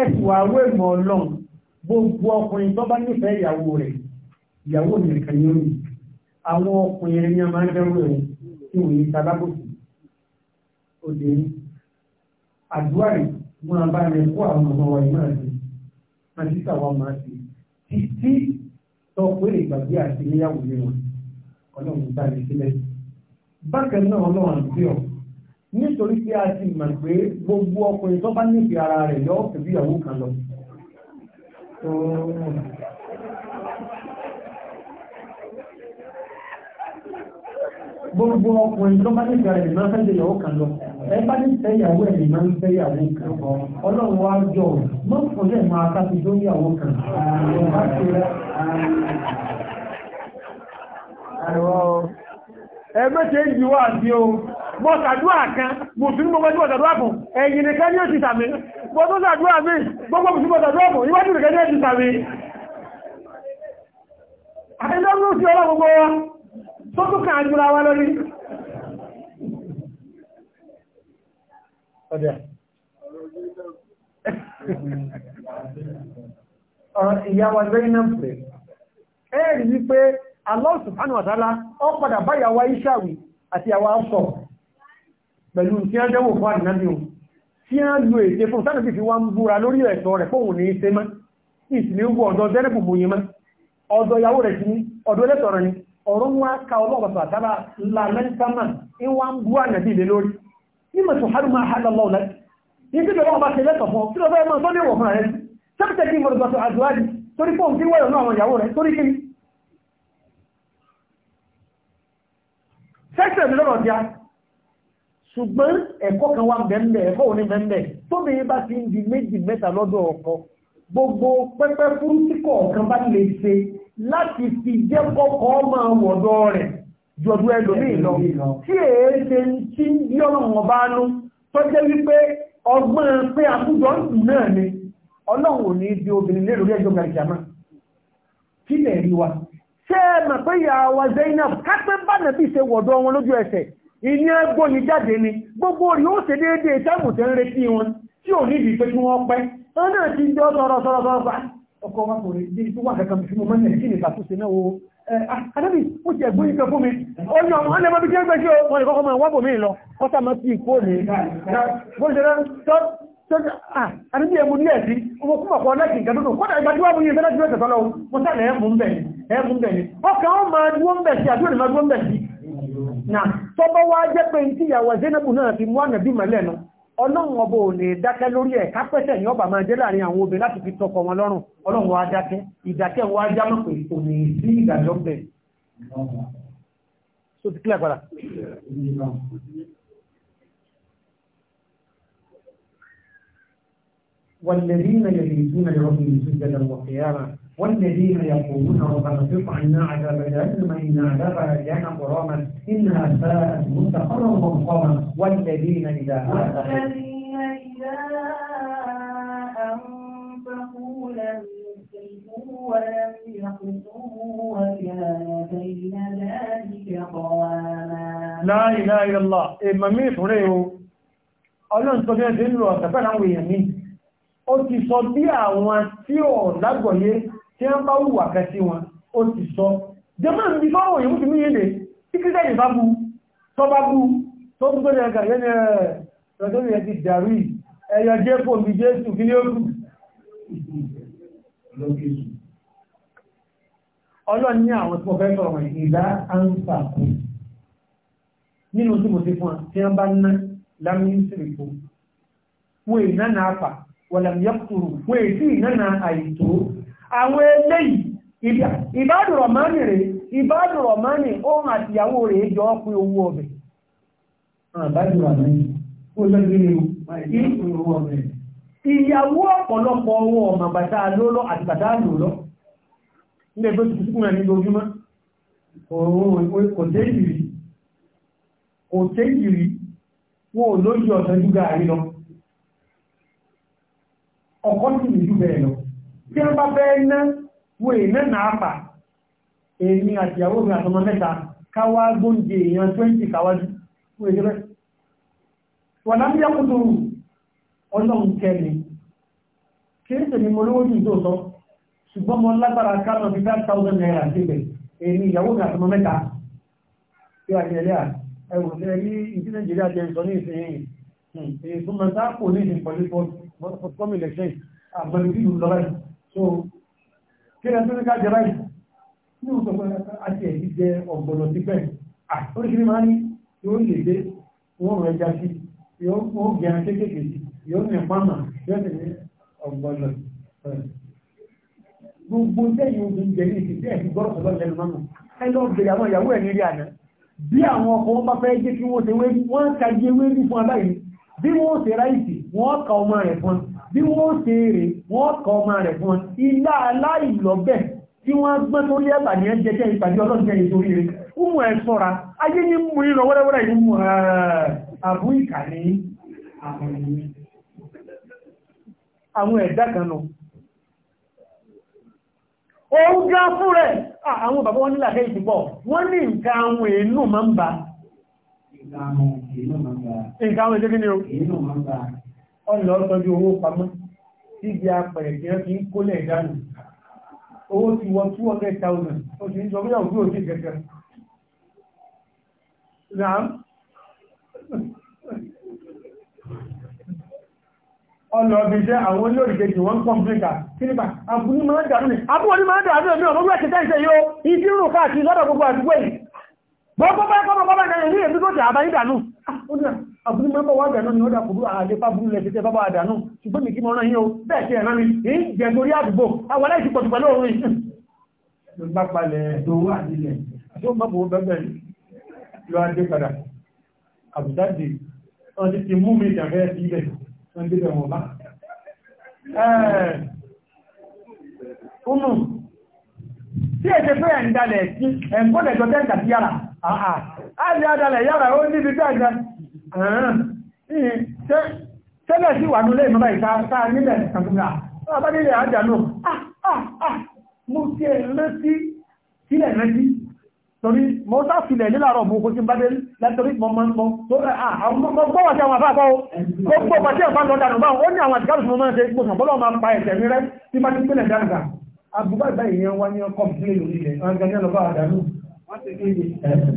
ẹ̀sùn àwọ̀ ìmọ̀ ọlọ́run gbogbo ọkùnrin tó bá nífẹ̀ẹ́ ìyàwó rẹ̀ ìyàwó nìkan ni ó ní àwọn ọkùnrin rẹ̀ ní a máa ń dẹ́rù ẹ̀wọ̀n tí wọ́n yí sábàbòsì òde ní àdúrà rẹ̀ mú a bá rẹ̀ kó àwọn ọmọ wa ìmọ̀ àti àtìsà wa máa ti títí tó pé ìgbàgbé àti níyàwó rẹ̀ wọn ọlọ́run bá rẹ̀ sílẹ̀ bákan náà ọlọ́run àti ọ̀ nítorí pé a ti mọ̀ pé gbogbo ọkùnrin tó bá nífẹ̀ẹ́ ara rẹ̀ yọ́ pẹ̀lú ìyàwó kan lọ. gbogbo ọkùnrin tó bá nífẹ̀ẹ́ ara rẹ̀ máa fẹ́ ìyàwó kan lọ ẹ bá ní fẹ́ ìyàwó ẹ̀ máa ń fẹ́ ìyàwó kan ọlọ́run wá jọ mọ́ fún ẹ̀ máa káfí tó ìyàwó kan ẹ̀rọ ẹgbẹ́ àti ohun mo ṣàdúrà kan mùsùlùmí mo gbẹ́jú ọ̀sàdúrà fún ẹ̀yìn nìkan ní òṣìṣà mi mo tó ṣàdúrà mi gbogbo mùsùlùmí ọ̀sàdúrà fún iwájú nìkan ní òṣìṣà mi àìlọ́rún sí ọlọ́ gbogbo wa tó tún kàn jùra wa lórí ìyàwó ẹgbẹ́ iná pẹ̀ ẹ̀rì wípé Allah subhanahu wa ta'ala ó padà báyàwó Aisha wí àti àwọn afọ́ pẹ̀lú tí a jẹ́wò fún àdínábí ohun tí a lò ète fún sánàbí fi wá ń búra lórí ẹ̀tọ́ rẹ̀ fóhùn ní ṣe mọ́ ìsìnlẹ̀ ogun ọ̀dọ̀ zẹ́rẹ̀bù mú yín mọ́ ọ̀dọ̀ ìyàwó rẹ̀ sí ní ọ̀dọ̀ ẹlẹ́tọ̀ rẹ̀ ni ọ̀rọ̀ wá ka ọlọ́pàá tàbá lamẹ́ntàmà ń wá ń bú ànàbí ilé lórí ní mọ̀ sùhárù máa hálà lọ́wọ́ láti ní kí lọ́wọ́ bá ṣe lẹ́tọ̀ fún kí lọ́wọ́ máa sọ́lé wọ̀ fún rẹ̀ sẹ́pẹ̀tẹ̀ kí mọ̀ lọ́sọ̀ àdúrádì torí fóun tí wọ́n náà àwọn ìyàwó mi lọ́rọ̀ ṣùgbọ́n ẹ̀kọ́ kan wà bẹ́ẹ̀ ẹ̀kọ́ òní bẹ́ẹ̀ tó bí bá ti ń di méjì mẹ́ta lọ́dọ̀ ọkọ gbogbo pẹ́pẹ́ fúrútí kọ̀ọ̀kan bá lè ṣe láti fi jẹ́ kọ́kọ́ máa wọ̀dọ̀ rẹ̀ jọdún ẹlòmíì lọ tí èé ṣe ń tí ń bí ọlọ́run ọba nú tó jẹ́ wípé ọgbọ́n pé àkójọ ń sùn náà ni ọlọ́run ò ní di obìnrin lérò ní ẹjọ́ gàjàmá kí lè rí wa ṣé ẹ mọ̀ pé ìyá wa Zainab kápẹ́ bá nàbí ṣe wọ̀dọ̀ wọn lójú ẹsẹ̀ ìní ẹgbó ni jáde ni gbogbo rí ó ṣe déédé ìtẹ́mù tẹ́ ń retí wọn tí ò níbi pé kí wọ́n pẹ́ wọ́n náà ti jọ sọ̀rọ̀ sọ̀rọ̀ sọ̀rọ̀ pa ọkọ̀ wa kò rí bí i tó wà kankan fún ọmọ náà kí ni ìfàtúnṣe náà o adábì ó ti ẹ̀gbọ́n ìfẹ́ fún mi oyún ọmọ ọ̀nà ẹ̀mọ́ bí jẹ́ gbẹ́sí wọn ìkọ́kọ́ máa wábò mí lọ kọ́sà máa ti ìkó ní àdúgbò ẹ̀mú ní ẹ̀sí ọmọ kúmọ̀ kọ́ lẹ́kìn ìgbàdúgbò kọ́dà ìgbàdúgbò mú yẹn fẹ́lẹ́ ti bẹ́ẹ̀ tẹ̀tọ́ lọ mọ́sálẹ̀ ẹ̀mú ń bẹ̀ ni ọkàn ó máa dúó ń bẹ̀ sí àdúrà ní máa dúó ń bẹ̀ sí náà tọ́bọ́ wá jẹ́ pé ní tíyàwó Zainabu náà fi mú ànàbí mọ́lẹ̀ nù ọlọ́run ọbọ̀ ò lè dákẹ́ lórí ẹ̀ kápẹ́tẹ̀ ní ọba máa jẹ́ láàrin àwọn obìnrin láti fi tọkọ wọn lọ́rùn ọlọ́run wá dákẹ́ ìdákẹ́ já mọ̀ pé kò ní sí ìdájọ́ bẹ̀. so ti kílẹ̀ padà. والذين يبيتون لربهم سجدا وقياما والذين يقولون ربنا اصرف عنا عذاب جهنم إن عذابها كان غراما إنها ساءت مستقرا ومقاما والذين إذا والذين إذا أنفقوا لم يسرفوا ولم يقتروا وكان بين ذلك قواما لا إله إلا الله إما ميت هنيه ọlọ́run tó bẹ́ẹ̀ sí ń lo ọ̀sẹ̀ pẹ̀lú àwọn èèyàn mi ó ti sọ bí àwọn tí ò lágbọ̀yé tí wọ́n bá wùwà kan sí wọn ó ti sọ jẹ́mọ́ ń bí fọ́wọ́ yìí mú ti mú yìí lè tí kí sẹ́yìn bá bu tó bá bu tó bú tó ní ẹ̀kà yẹn ni ẹ̀rọ yẹn ti dàrí ẹ̀yọ jẹ́ kò bí jésù kí ní ó kù ọlọ́run ní àwọn tí mo fẹ́ sọ̀rọ̀ ìdá áńsà kù nínú tí mo ti fún wa tí wọ́n bá ná lámínísìrìkò wọ́n wọ́n èsì ìnáná àìtó àwọn eléyìí ìbádùrọ̀ mọ́nì rẹ̀ ìbádùrọ̀ mọ́nì ohun àtìyàwó rẹ̀ jọ pín ah, owó ọbẹ̀ ìyàwó ọ̀pọ̀lọpọ̀ owó ọmọ bàtà lólọ́ àti bàtà lòlọ́ ilẹ̀ tó ti tí wọ́n bá bẹ́ ná wọ́n èèyàn náà pà èmi àtìyàwó mi àtọmọ mẹ́ta káwá gbóúnjẹ èèyàn 20 káwájú wọ́n èèyàn bẹ́ẹ̀ wọ́n láti yá kútó ọlọ́run kẹ́mi kìí tèmi mo lówó jù tó sọ ṣùgbọ́n mo lágbára kánà fi 5,000 naira síbẹ̀ èmi ìyàwó mi àtọmọ mẹ́ta tí wà ní ẹlẹ́à ẹwọ̀n tẹ́ rí ìdí nàìjíríà jẹ́ ìsọ ní ìsinyìí hmm, èyí tó àgbẹ̀lú ìlú lọ́rẹ́ so kí ni ẹtúndínká jẹ báyìí ní òun sọ pé àti ẹ̀yí jẹ ọ̀gbọ̀nà sípẹ̀ oríṣiríṣi máa ní yóò lè dé wọn rẹ̀ já sí yóò gẹ̀rẹ̀ kéékèèké yóò ní pàmà yóò sì ní ọ̀gbọ̀nà gbogbo tẹ́yìn obìnrin jẹ ní ìsìnkú ẹ̀sìn gbọ́rọ̀ sọ́lọ́ lẹ́nu mọ́mọ́ ẹ lọ bèrè àwọn ìyàwó ẹ̀ nílé àná bí àwọn ọkọ̀ wọn bá fẹ́ jẹ́ kí wọ́n ṣe wé wọ́n ń ka yé wé ní fún aláìní bí wọ́n ṣe ráìsì wọ́n ka ọmọ rẹ̀ bí wọ́n ṣe tere wọ́n kọ ọmọ rẹ̀ fún ilá aláìlọ́bẹ̀ tí wọ́n gbọ́n tó lé ẹ̀bà ní ẹjẹ́jẹ́ ìpàdé ọlọ́dún ẹ̀yẹ torí rẹ̀ ọmọ ẹ̀ sọ́ra ayé ní mú wẹ́rẹ́wẹ́rẹ́ yìí àbú ìkà ní àwọn ẹ̀dá kan nù òun fún rẹ̀ àwọn bàbá wọn nílà wọ́n ní nǹkan àwọn èèyàn ba nǹkan àwọn èèyàn máa ọ̀nà ọ̀tọ́jú owó pamọ́ síbi apẹ̀rẹ̀ tí wọ́n ti ń kólẹ̀ ìdánù owó ti wọ 200,000 oṣù ní sọmíyàn ojú òjì gẹ̀gẹ̀ ràn ọ̀nà ọ̀bí jẹ́ àwọn olóòrì kejì wọ́n kọ́mpútà kínípa àbúní máa dàrú ní àbúwọ́ ní máa dàrú ní ọmọ gbẹ́sẹ̀ tẹ́sẹ̀ yóò ìdírù káàkiri lọ́dọ̀ gbogbo àdúgbò yìí gbogbo bá ẹ̀kọ́ bá ẹ̀yẹ̀ ní èmi tó àbáyídà nù abúrú mẹ́bọ̀ wá dànù ni ó dà kùrú àlepa burú lẹ́sẹ̀ tẹ́ bábá àdánù ṣùgbọ́n mi kí mọ́ náà yíò bẹ́ẹ̀ ẹ̀rán mi àdúgbò àwọn pẹ̀lú òun tẹ́lẹ̀ sí wà nílé ìmọ̀lá ìta nílẹ̀ ìtàkùnlá ọba nílẹ̀ àjà náà ah, ah, ah, mo ti ẹ̀ rántí sílẹ̀ rántí torí mo sá sílẹ̀ nílàrọ̀ mo kó sí bá dé látorí mo máa ń mọ́ tó rẹ̀ àgbọ́wọ̀ sí àwọn afáfọ́ gbogbo pàtí ẹ̀fà lọ dànù báwọn ó ní àwọn àtìkárù tí mo máa ń ṣe ipò sàn bọ́lọ́ máa pa ẹ̀sẹ̀ mi rẹ́ tí bá ti pínlẹ̀ dànù àbúgbà ìgbà ìyẹn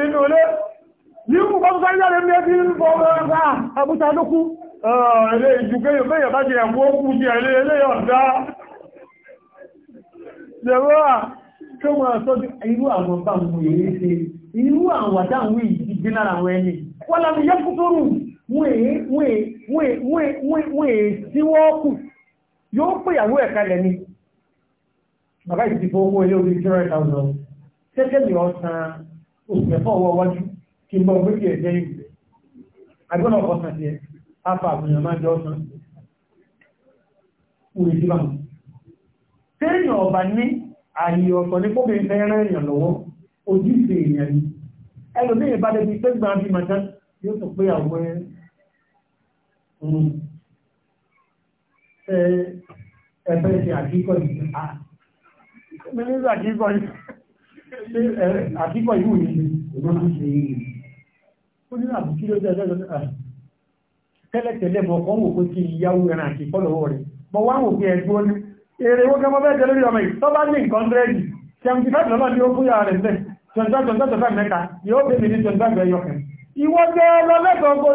nínú ilé yíkù kọ́ sọ ìjáde ní ẹbí ń bọ́ ọ̀rọ̀ àbúta lókú ilé ìjùgbéyàn bẹ́yàn bá jẹ ẹ̀wọ́ kú sí ilé ilé ọ̀dá lẹ́wọ́à tó mọ̀ sọ irú àwọn bá mú èyí ṣe irú àwọn àdáwò ìdíje lára àwọn ẹni wọ́n lámi yẹ́ kútórù wọ́n èé tí wọ́n kù yóò pèyàwó ẹ̀ka lẹ̀ ni bàbá ìdìbò owó ilé orí 0,000 tẹ́tẹ́ mi ọ̀sán oṣù mẹ́fọ́ ọwọ́ wájú kí n bọ́ gbégbé ẹ̀jẹ̀ ìgbẹ́ agbọ́nà ọ̀sán tiẹ̀ afa àgbìyàn máa jẹ ọ̀sán orí sí báwọn téèyàn ọba ní ààyè ọ̀sán ní kó bèèrè fẹ́ràn èèyàn lọ́wọ́ ojúṣe èèyàn ni ẹlòmíì bá débi pé gbà bí màtá yóò sọ pé àwọn ẹ hmm. ẹ̀fẹ́ ṣe àkíkọ̀ yìí ah. mínísà àkíkọ̀ yìí àbíkọ̀ ìwò ní ọdún ṣe yìí ó ní àbùkí ló jẹ́ ọjọ́ tẹ́lẹ̀tẹ́lẹ̀ mọ̀ kọ́ wò pé kí ìyáwó ẹran àti ìfọ́lọ̀wọ́ rẹ̀ mọ̀ wá wò pé ẹgbẹ́ ní èrè owó kẹmọ́ bẹ́ẹ̀ tẹ́lẹ̀ ọmọ yìí tó bá ní nǹkan dẹ́ẹ̀dì 75 lọ́nà ni ó fún yàrá rẹ̀ bẹ́ẹ̀ 25 mẹ́ta yóò bẹ́ẹ̀ ní 25 ẹyọkẹ̀ ìwọ́jẹ́ lọ́lẹ́kọ̀ọ́ kó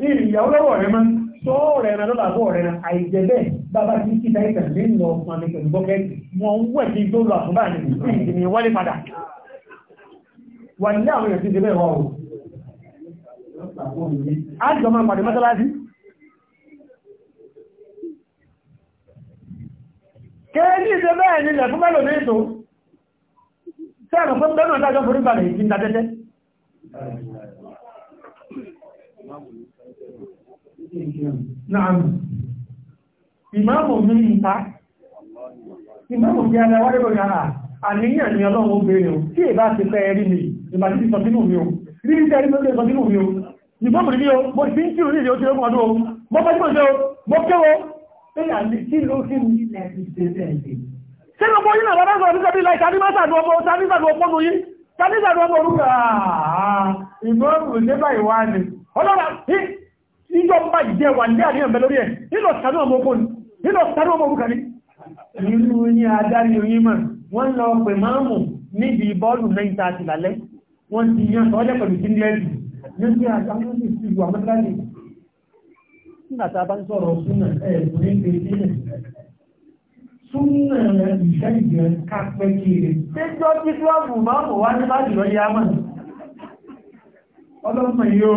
ní ìyàwó lọ́wọ́ rẹ̀ máa sọ́ọ̀rẹ̀ na lọ́la àbọ̀ ọ̀rẹ́ na a ijebe bàbá tí kíta ìtàn lè lọ ọmọ mi pẹ̀lú bọ́kẹ́ẹ̀tì wọn ń wẹ̀ kí tó lọ àtúbà ní ìdìmí wọlé padà wà ní àwọn èèyàn ti ṣe bẹ́ẹ̀ o a jọ máa pàdé mọ́sálásí kéèjì ṣe bẹ́ẹ̀ ni ilẹ̀ fún mẹ́lò ní ètò sẹ́ẹ̀rọ̀ fún bẹ́ẹ̀ náà dájọ́ Nààmù. Ìmáàmù mi ìta. Ìmáàmù mi ara wáyé lórí ara. Àníyàn ni ọlọ́run obìnrin o. Tí èbá ti fẹ́ rí mi, ìbá ti sọ sínú mi o. Rí ní tẹ́rí lórí sọ sínú mi o. Ìbọ́mù ní o, mo ti ń kí orí ìlú ó ti rọ́pọ̀ ọdún o. Mo fẹ́ mọ̀ sí o, mo kéwo. Bẹ́ẹ̀ ni kí ló kí ni ilẹ̀ ti ṣe bẹ́ẹ̀ ṣe. Ṣé ló mọ yín náà bàbá sọ̀rọ̀ nígbàdí láì tàbí mọ́sàdù ọmọ tàbí sàdù ọmọ nù yín? Tàbí sàdù ọmọ orúkọ àà níjọ́ bá jẹ́ wà ní àríyàn bẹ lórí ẹ̀ nílò sàánú ọmọ ogun nílò sàánú ọmọ ogun kàní nínú ní adárí oyin mọ̀ wọ́n lọ pè máàmù níbi bọ́ọ̀lù 9:30 lálẹ́ wọ́n ti yan sọ́jẹ́ pẹ̀lú sí lẹ́ẹ̀dì nígbé àjáwọn sì sí ìwà mẹ́tàlì nígbàtà bá ń sọ̀rọ̀ súnà ẹ̀ẹ̀kùn ní ìgbésílẹ̀ súnà ìṣẹ́ ìgbẹ̀ kápẹ́ kiri tẹ́jọ́ tí kílọ̀bù máàmù wá ní bá jùlọ yá mọ̀ ọlọ́mọ yóò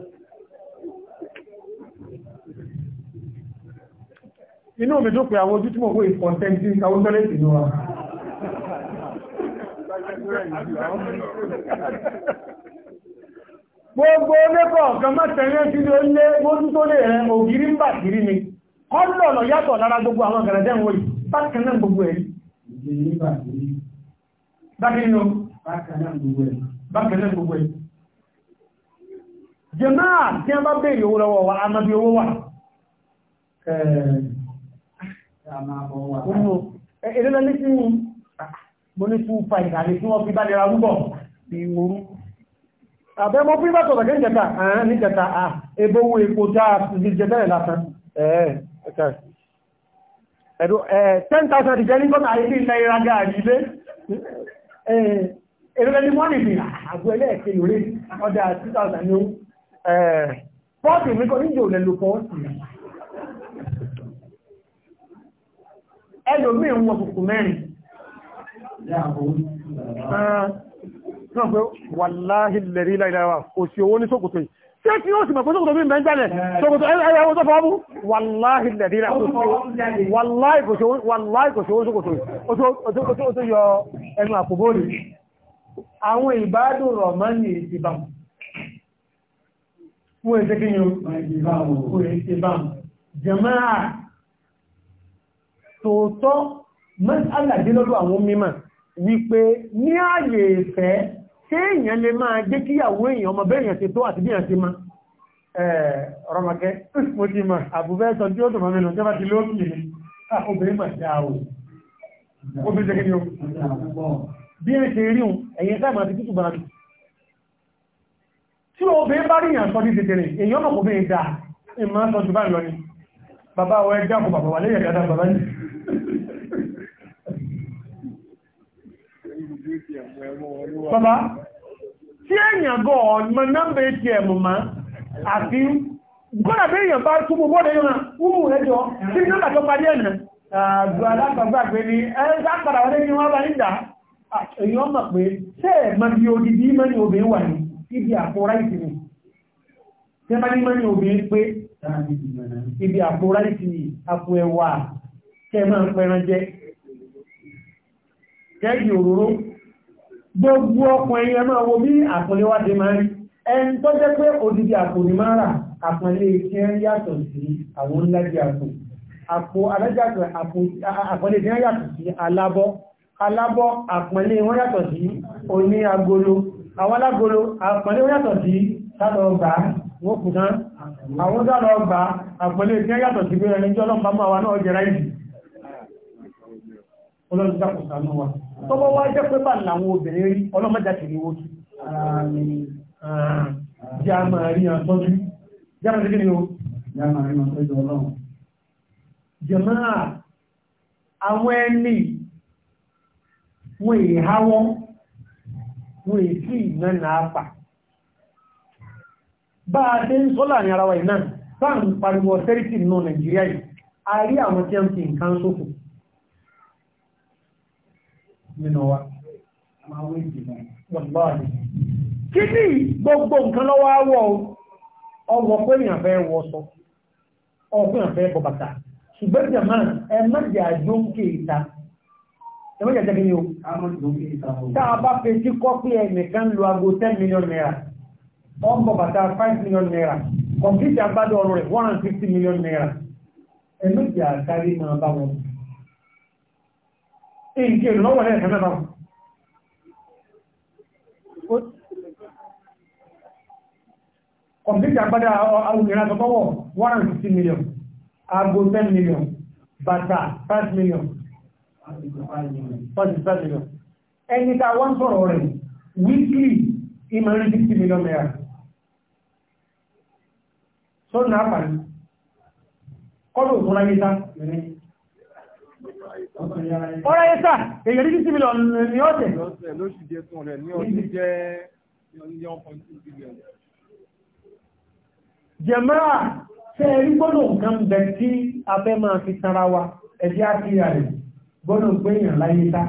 inú mi dùn pé àwọn ojú tí mo wé ìkọ̀ntẹ́ntì àwọn tọ́lẹ̀tì ní wa gbogbo lẹ́kọ̀ọ́ kan mẹ́tẹ̀rẹ́ sí ló lé mójú tó lè rẹ ògiri ń bà kiri ni ọlọ́lọ̀ yàtọ̀ lára gbogbo àwọn gẹ̀rẹ́jẹ́ wọ́n yìí bákan náà gbogbo ẹ̀ bákan náà tí a bá bèèrè owó lọ́wọ́ wa a bí owó wà ẹ̀ẹ̀ Èdè lọ́lé sí ní mo ní tún fa ìdàlé tí wọ́n fi bá lera rúbọ̀ ìwòrú. Àbẹ́ mọ́ fún ìbátọ̀ ọ̀gẹ́ ìjẹta, àán ah, ní ìjẹta, à ah, ebówó epo dáa ti jẹta rẹ̀ lásán. Ẹ̀ẹ́dù 10,000 ìjẹ́ ní gọ́nà ayé ní ilẹ̀ ìraga àrílé. Èdè lọ́lé mọ́nì bí àgbẹ̀ ẹlẹ́ẹ̀kẹ́ ìwé ọjà 2,000 ní ó. Pọ́ọ̀tì mi kọ́ níjò lẹ́lò pọ́ọ̀tì. ẹlòmí wọn kùkù mẹ́rin ah, náà pé wàláhì lẹ̀rí láìláwà kò sí owó ní sókòtò yìí tí ó tí ó sì mọ̀kún sókòtò bí mẹ́ jálẹ̀ sókòtò ẹyàwó tó fọ́bú wàláhì lẹ̀rí wàláhì kò sí owó sókòtò yìí ó tó yọ ẹnu àpòbóòlì àwọn ìbádùn rọ̀ mọ́ ní ìbàm fún ẹ̀sẹ́kí ni ó ìbàm jẹ́máà tòótọ́ mẹ́sàlàdé lọ́dọ̀ àwọn mímọ̀ wípé ní ààyè ìfẹ́ tí èèyàn lè máa jẹ́ kíyàwó èèyàn ọmọ bẹ́ẹ̀yàn ti tó àti bíyàn ti ma ọ̀rọ̀mọ̀kẹ́ mo ti mọ̀ àbúfẹ́ sọ tí ó tọ̀mọ̀ mẹ́lọ jẹ́ bá ti lóòkì ní ah, obìnrin mà dáa o obìnrin jẹ́ kíni o bí ẹ ṣe rí un ẹ̀yìn sáà máa ti tútù bára mi tí obìnrin bá ríyàn sọ ní tètèrè èèyàn ọmọkùnrin dáa ìmọ̀ sọ jù bá lọ ni bàbá wa ẹgbẹ́ àpò bàbá wà lẹ́yìn dáadáa bàbá yìí bàbá tí èèyàn gọ́ ọ̀nà nọ́mbà atm ma àti gọ́nà bí èèyàn bá túnmù bọ́dẹ̀ yọ́nà wúmù ẹjọ́ tí nọ́mbà tó parí ẹ̀nà àgbà alágbàgbàgbé ni ẹ̀ẹ́sà padà wọlé ní wọ́n bá ń dà èèyàn mọ̀ pé ṣé ẹ̀ máa di odidi mẹ́ni obìnrin wà ní ibi àpò ráìtì ni ṣé máa ní mẹ́ni obìnrin pé ibi àpò ráìtì ni àpò ẹ̀wà ṣé máa ń pẹran jẹ kẹ́ẹ̀kì òróró gbogbo ọkùnrin ẹ máa wo bí àpọ̀lẹ́wádé máa rí ẹni tó jẹ́ pé odidi àpò ní máa rà àpọ̀lẹ́ iṣẹ́ yàtọ̀ sí àwọn ńlájì àpò àpò alájàpẹ̀ àpọ̀lẹ́ iṣẹ́ yàtọ̀ sí alábọ́ alábọ́ àpọ̀lẹ́ wọn yàtọ̀ sí oní agolo àwọn alágolo àpọ̀lẹ́ wọn yàtọ̀ sí sálọgbà wọ́n kù tán àwọn sálọgbà àpọ̀lẹ́ iṣẹ́ yàtọ̀ sí pé ẹni jọ́lọ́pàá ọlọ́run dákùn sànú wa tọ́bọ́ wá jẹ́ pé bá làwọn obìnrin rí ọlọ́mọdàtì ní wọ́n jẹ́ a máa rí àtọ́jú jẹ́ àmàrí ní o jẹ́ àmàrí àtọ́jú ọlọ́run jẹ́mọ́ àwọn ẹni wọ́n èyí háwọ́ wọ́n èyí sí ìnáná apà bá a dé ń sọ́lá ní ara wa ìnáà sáà ń pariwo ọ̀sẹ́rìtì nínú nàìjíríà yìí a rí àwọn tí a ń fi nǹkan sókùn nínú máa wé ìdìbò pọ̀lọ́ kí gbogbo nǹkan lọ́wọ́ àwọ̀ ọwọ́ pé èèyàn fẹ́ wọ sọ ọwọ́ pé èèyàn fẹ́ bọ bàtà ṣùgbọ́n jàmá ẹ má jẹ́ àjọ ń ké ìta ẹ má jẹ́ jẹ́ kí ni o tá a bá fetí kọ́ pé lu ten million naira bàtà five million naira kọ̀m̀pútà bá rẹ̀ one hundred fifty million naira ẹ má jẹ́ àkárí ìkè lọ́wọ́ ẹ̀ fẹ́fẹ́ náà kọ̀mpútà àgbádá àwòrán àtọ́kọ́wọ̀ 150 million aago 10 million bàtà 5 million 45 million ẹni tá wọ́n sọ̀rọ̀ rẹ̀ weekly ìmọ̀rin 60 million naira sọ́nà àpàrí kọ́lù òkúnláyé tá mẹ́rin ọ̀rọ̀ yẹn sá èyàn rí sí mílíọ̀nù ní ọ̀tẹ̀ lóṣù jẹ́ fún rẹ̀ ní ọdún jẹ́ jẹ̀mọ́ra tẹ́ rí gbọ́nà nǹkan bẹ̀ tí a fẹ́ máa fi tara wa ẹ̀dí àkíyà rẹ̀ gbọ́nà gbẹ̀yàn láyé tá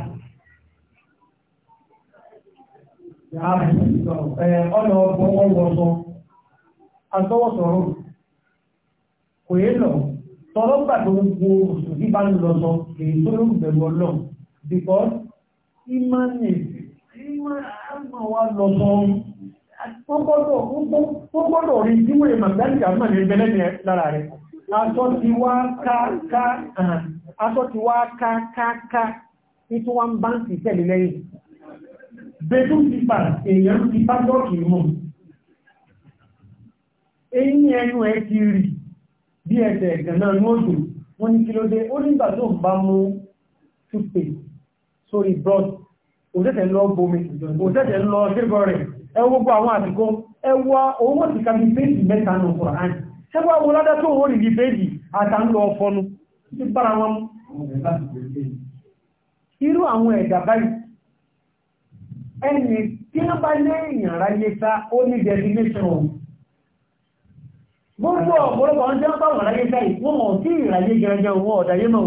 ọ̀nà ọgbọ̀n ọgbọ̀n asọ́wọ́sọ̀rọ̀ kò yé lọ́wọ́ tọ́rọ gbà tó gbogbo òṣùdí bá ń lọ sọ èyí tó ń bẹ̀rù because imani ìmọ̀ wa lọ sọ wọ́n gbọ́dọ̀ rí tí wọ́n èèmọ̀ gbáríkà mọ̀ ní ẹgbẹ́ lẹ́yìn lára rẹ̀ aṣọ ti wá ká ká ká ìtú wa ń bá ń sì tẹ̀lé lẹ́yìn bẹ́tù ti bà èèyàn ti bá dọ́ọ̀kì mọ̀ èyí ẹnu ẹ ti rí bí ẹ̀sẹ̀ ẹ̀gàn náà ní òjò wọ́n ní kí ló dé ó nígbà tó ń bá mú túpè sórí broad òṣèṣẹ̀ lọ bomi òṣèṣẹ̀ lọ ṣẹ́gbọ́ rẹ̀ ẹ gbogbo àwọn àsìkò ẹ wá owó ti ka bí péjì mẹ́ta nù kọ̀ án ṣé wá wo ládá tó wọ́n nìdí péjì àtàǹdọ̀ ọ̀fọ́nu ti bára wọn irú àwọn ẹ̀dà báyìí ẹni tí wọ́n bá lé èèyàn ráyé ó ní definition gbogbo ọ̀pọ̀lọpọ̀ ọ̀n tí wọ́n pàwọn láyé sáì wọ́n mọ̀ sí ìràyé gẹ̀rẹ́gẹ́ owó ọ̀dáyé náà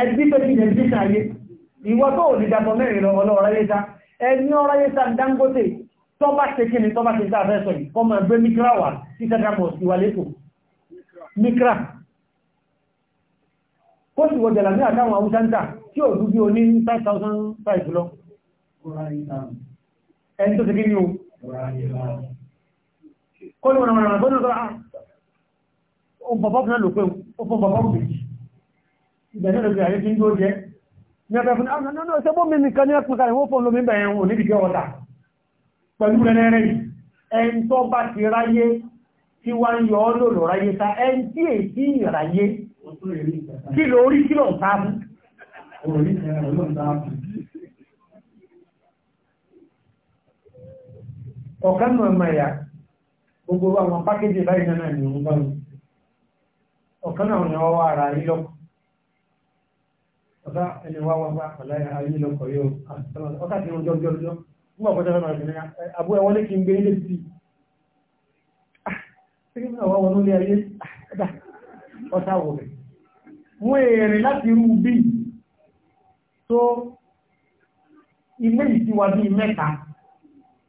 ẹbí pẹ̀lú ilẹ̀ sí sáyé ìwọ tó ò ní dapọ̀ mẹ́rin lọ ọlọ́ọ̀ráyé sá ẹni ọ̀ráyé sá Dangote tọ́bá ṣe kí ni tọ́bá ṣe sá fẹ́ sọ yìí kọ́mọ ẹgbẹ́ mikra wà sí sẹ́dàmọ̀ sí wà lẹ́kọ̀ọ́ mikra ó sì wọ jàlámí àtàwọn haúsá ń tà tí ò dúdú oní 5,005 lọ ẹni tó ti kí ni o kó ní ọ̀nà ọ̀nà bọ́nà sọ́rọ̀ ah, ohun bàbá fún lò pé ó fún bàbá fún bèjì ìgbẹ̀rẹ̀ lọ́gbẹ̀ àrí tí ń gbó jẹ́ ní ọ̀pẹ́ fún àwọn ọ̀nà ọ̀sẹ́ bọ́ mímí kan ní ẹkùn kalẹ̀ wọ́n fún lómi bẹ̀rẹ̀ wọn níbi jẹ́ ọ̀dà pẹ̀lú rẹ̀rẹ̀ ẹn tó bá ti ráyé tí wá ń yọ lòlò ráyé ta ẹn tí è sí ìráyé kí ló rí kí ló ń ta mú ọ̀kan nù ẹ̀mọ̀ ẹ̀yà gbogbo àwọn pákéjì báyìí náà ni òun bá ń ọ̀kan náà ni wọ́n wá ara ayélọ́kọ̀ ọ̀sá ẹni wá wá wá ọ̀lá ayélọ́kọ̀ yóò ọ̀sá tí wọ́n jọjọ jọ nígbà pọ̀jọ́ náà ni abú ẹwọ́n ní kí n gbé ilé sí i náà wọ́n wọnú ilé ayé ọ̀sá wò rẹ̀ mú èrè láti rú bí tó ilé ìsíwá bíi mẹ́ta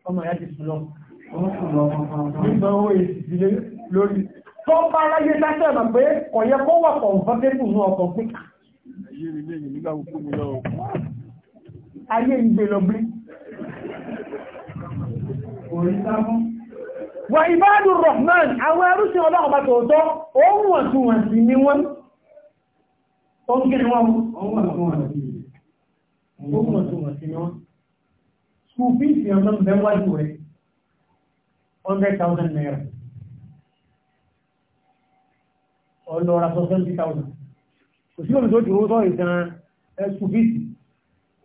ọmọ ìyá ti sùn lọ́wọ́ Nígbà owó ìdílé lórí. Tó bá láyé dáṣẹ́ ẹ̀mà pé kò yẹ kó wà kọ̀ǹfọ́tébù ní ọkọ̀ pín. Ayé ìgbè lọ bí. Wà ìbádùn Rahman, àwọn ẹrúsìn ọlọ́run bá tòótọ́, òun wọ̀n tún wọ̀n sí ní wọ́n. Ó ń ní 100,000 thousand naira ọlọ́ra sọ seventy thousand kò sí òmìnira òjò tó ìtàn ẹ̀sùfíìsì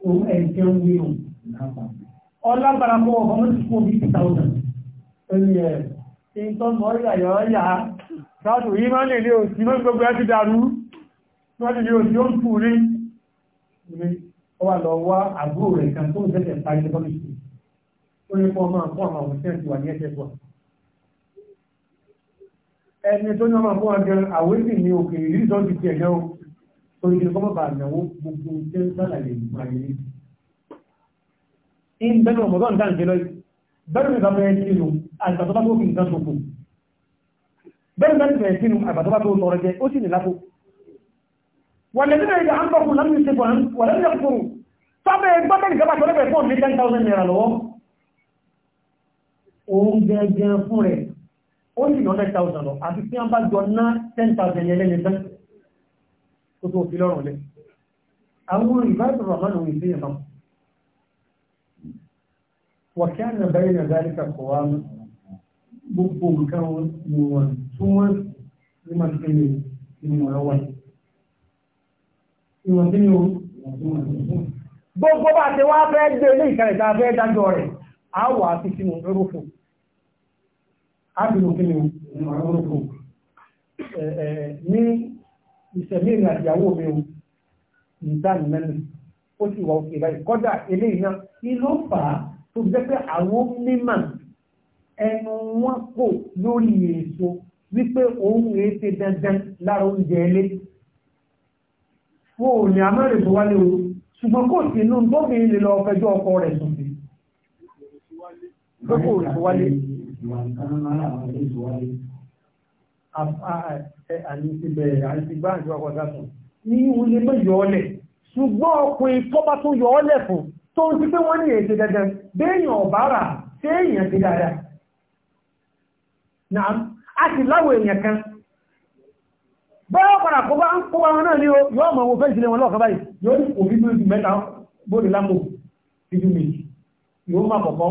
ohun ẹ̀ǹkẹ́ ń wí hàn ọlábàrà kọ́ ọkọ̀ mọ́ sí fún fifty thousand ẹni ẹ̀ ṣe ń tọ́ mọ́ ọ̀yà yọ̀ ọ̀yà káàtó yìí máa ń lè lé òsì mọ́ gbogbo ẹ̀ ti dàrú wọ́n ti lè òsì ó ní kọ́ máa fún àwọn òṣìṣẹ́ ti wà ní ẹ̀ṣẹ̀ wa ẹni tó ní ọmọ fún wa jẹun ni èsì ní òkè ìrírí tó ti tiẹ̀ náà torí kí ọmọ bá náwó gbogbo ṣe ń sálàyé ìgbà yìí ń bẹ́ẹ̀ náà mọ̀tọ́ nǹkan ìṣẹ̀lẹ̀ bẹ́ẹ̀ mi bàbá ẹni nínú àgbàtọ́ bá tó fi nǹkan ṣòfò bẹ́ẹ̀ bẹ́ẹ̀ bẹ̀rẹ̀ sínú àgbàtọ́ bá tó tọrọ jẹ ó sì ní lápò wàlẹ́dí náà ìgbà ń bọ̀ fún lámì ṣe bọ̀ wàlẹ́dí náà kúrò sábẹ́ gbọ́dọ̀ ìjọba tó lẹ́bẹ̀ẹ́ fún mi ten thousand naira lọ́wọ́ òun gẹ́gẹ́ fún rẹ̀ ó sì ná 10,000 lọ àti tí wọ́n bá jọ ná 10,000 yẹn lẹ́nu tán kó tó fi lọ́rùn lẹ̀ àwọn ìbáṣọ̀rọ̀ àmàlù òun gbogbo bá ti wá fẹ́ gbé ilé ìkàlẹ̀ fẹ́ dájọ́ rẹ̀ a wà á fi sínú ẹrọ́fò a fi lò kí ni ẹrọ́fò ní ìṣẹ̀lẹ̀ ìrìn àjàwó mi ò níta nìmẹ́lì ó sì wà òkè báyìí kọ́dà eléyìí náà kí ló fà á tó jẹ́ pé àwọn mímà ẹnu wọn kò lórí èso wípé òun rèé ṣe dandan lára oúnjẹ ilé wọn ò ní amẹ́rẹ̀ tó wálé o ṣùgbọ́n kò sí inú tó fi lè lọ fẹjọ́ ọkọ rẹ̀ sùn sí pé kò tó wálé. àníṣebẹ̀ mọ́ yọ ọlẹ̀ ṣùgbọ́n ọkùnrin tó tó yọ ọlẹ̀ fún tó ń ti pé wọ́n ní èdè dandan ọ̀bára tí ti dáadáa. Nàá a ti láwọ èèyàn kan bọ́ọ̀ kó bá ń kó wọn náà ní yọ́ wọn lọ́ọ̀kọ́ báyìí yóò ní òbí mẹ́ta lámò fíjú yóò má kọ̀kọ́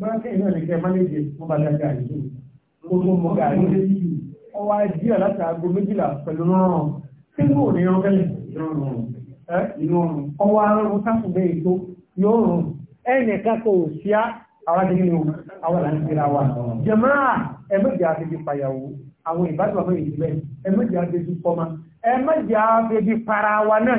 bọ́ńkẹ́ iná ní kẹ́ mánéjì wọ́n bá dáadáa yìí kó tó mọ gàrí lé yìí wọ́n wá jí ọ̀ láti aago méjìlá pẹ̀lú rọrùn tí kò ní rán fẹ́lẹ̀ ọwọ́ arúgbó sáfùgbẹ́ ètò yóò rùn ẹnì kan kò sí àwọn adìgbìn ní àwọn àlàyé ìlera wa jẹ̀mọ́ra ẹ̀mẹ́jì àfẹ́jì pàyàwó àwọn ìbádùn àwọn ìdílé ẹ̀mẹ́jì àfẹ́jì pọ́mà ẹ̀mẹ́jì àfẹ́jì para wa náà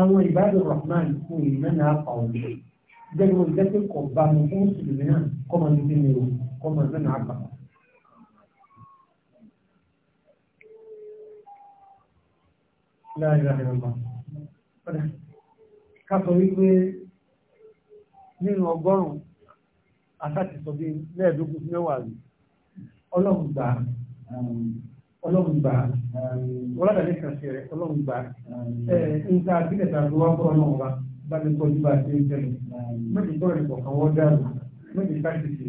àwọn ìbádọ̀ rahman fún ìmọ̀ náà pa òun jẹ́nu jẹ́ pé kò bá mi fún mùsùlùmí náà kọ́ máa dídí mi o kọ́ máa náà náà pa. láàrin àìrìn ọba ká sọ wípé nínú ọgọ́rùn-ún asáti sọ bí mẹ́ẹ̀ẹ́dógún mẹ́wàá ọlọ́run gbà á ọlọ́gbà wọ́lọ́dà um, ní kàṣẹ rẹ̀ ọlọ́gbà nta um, àbílẹ̀ tàbí wá bọ́ náà wá bá ní kọjú bá ti ń tẹ̀lé méjì tọ́rọ̀ ìkọ̀kan wọ́n dárò méjì káṣíṣe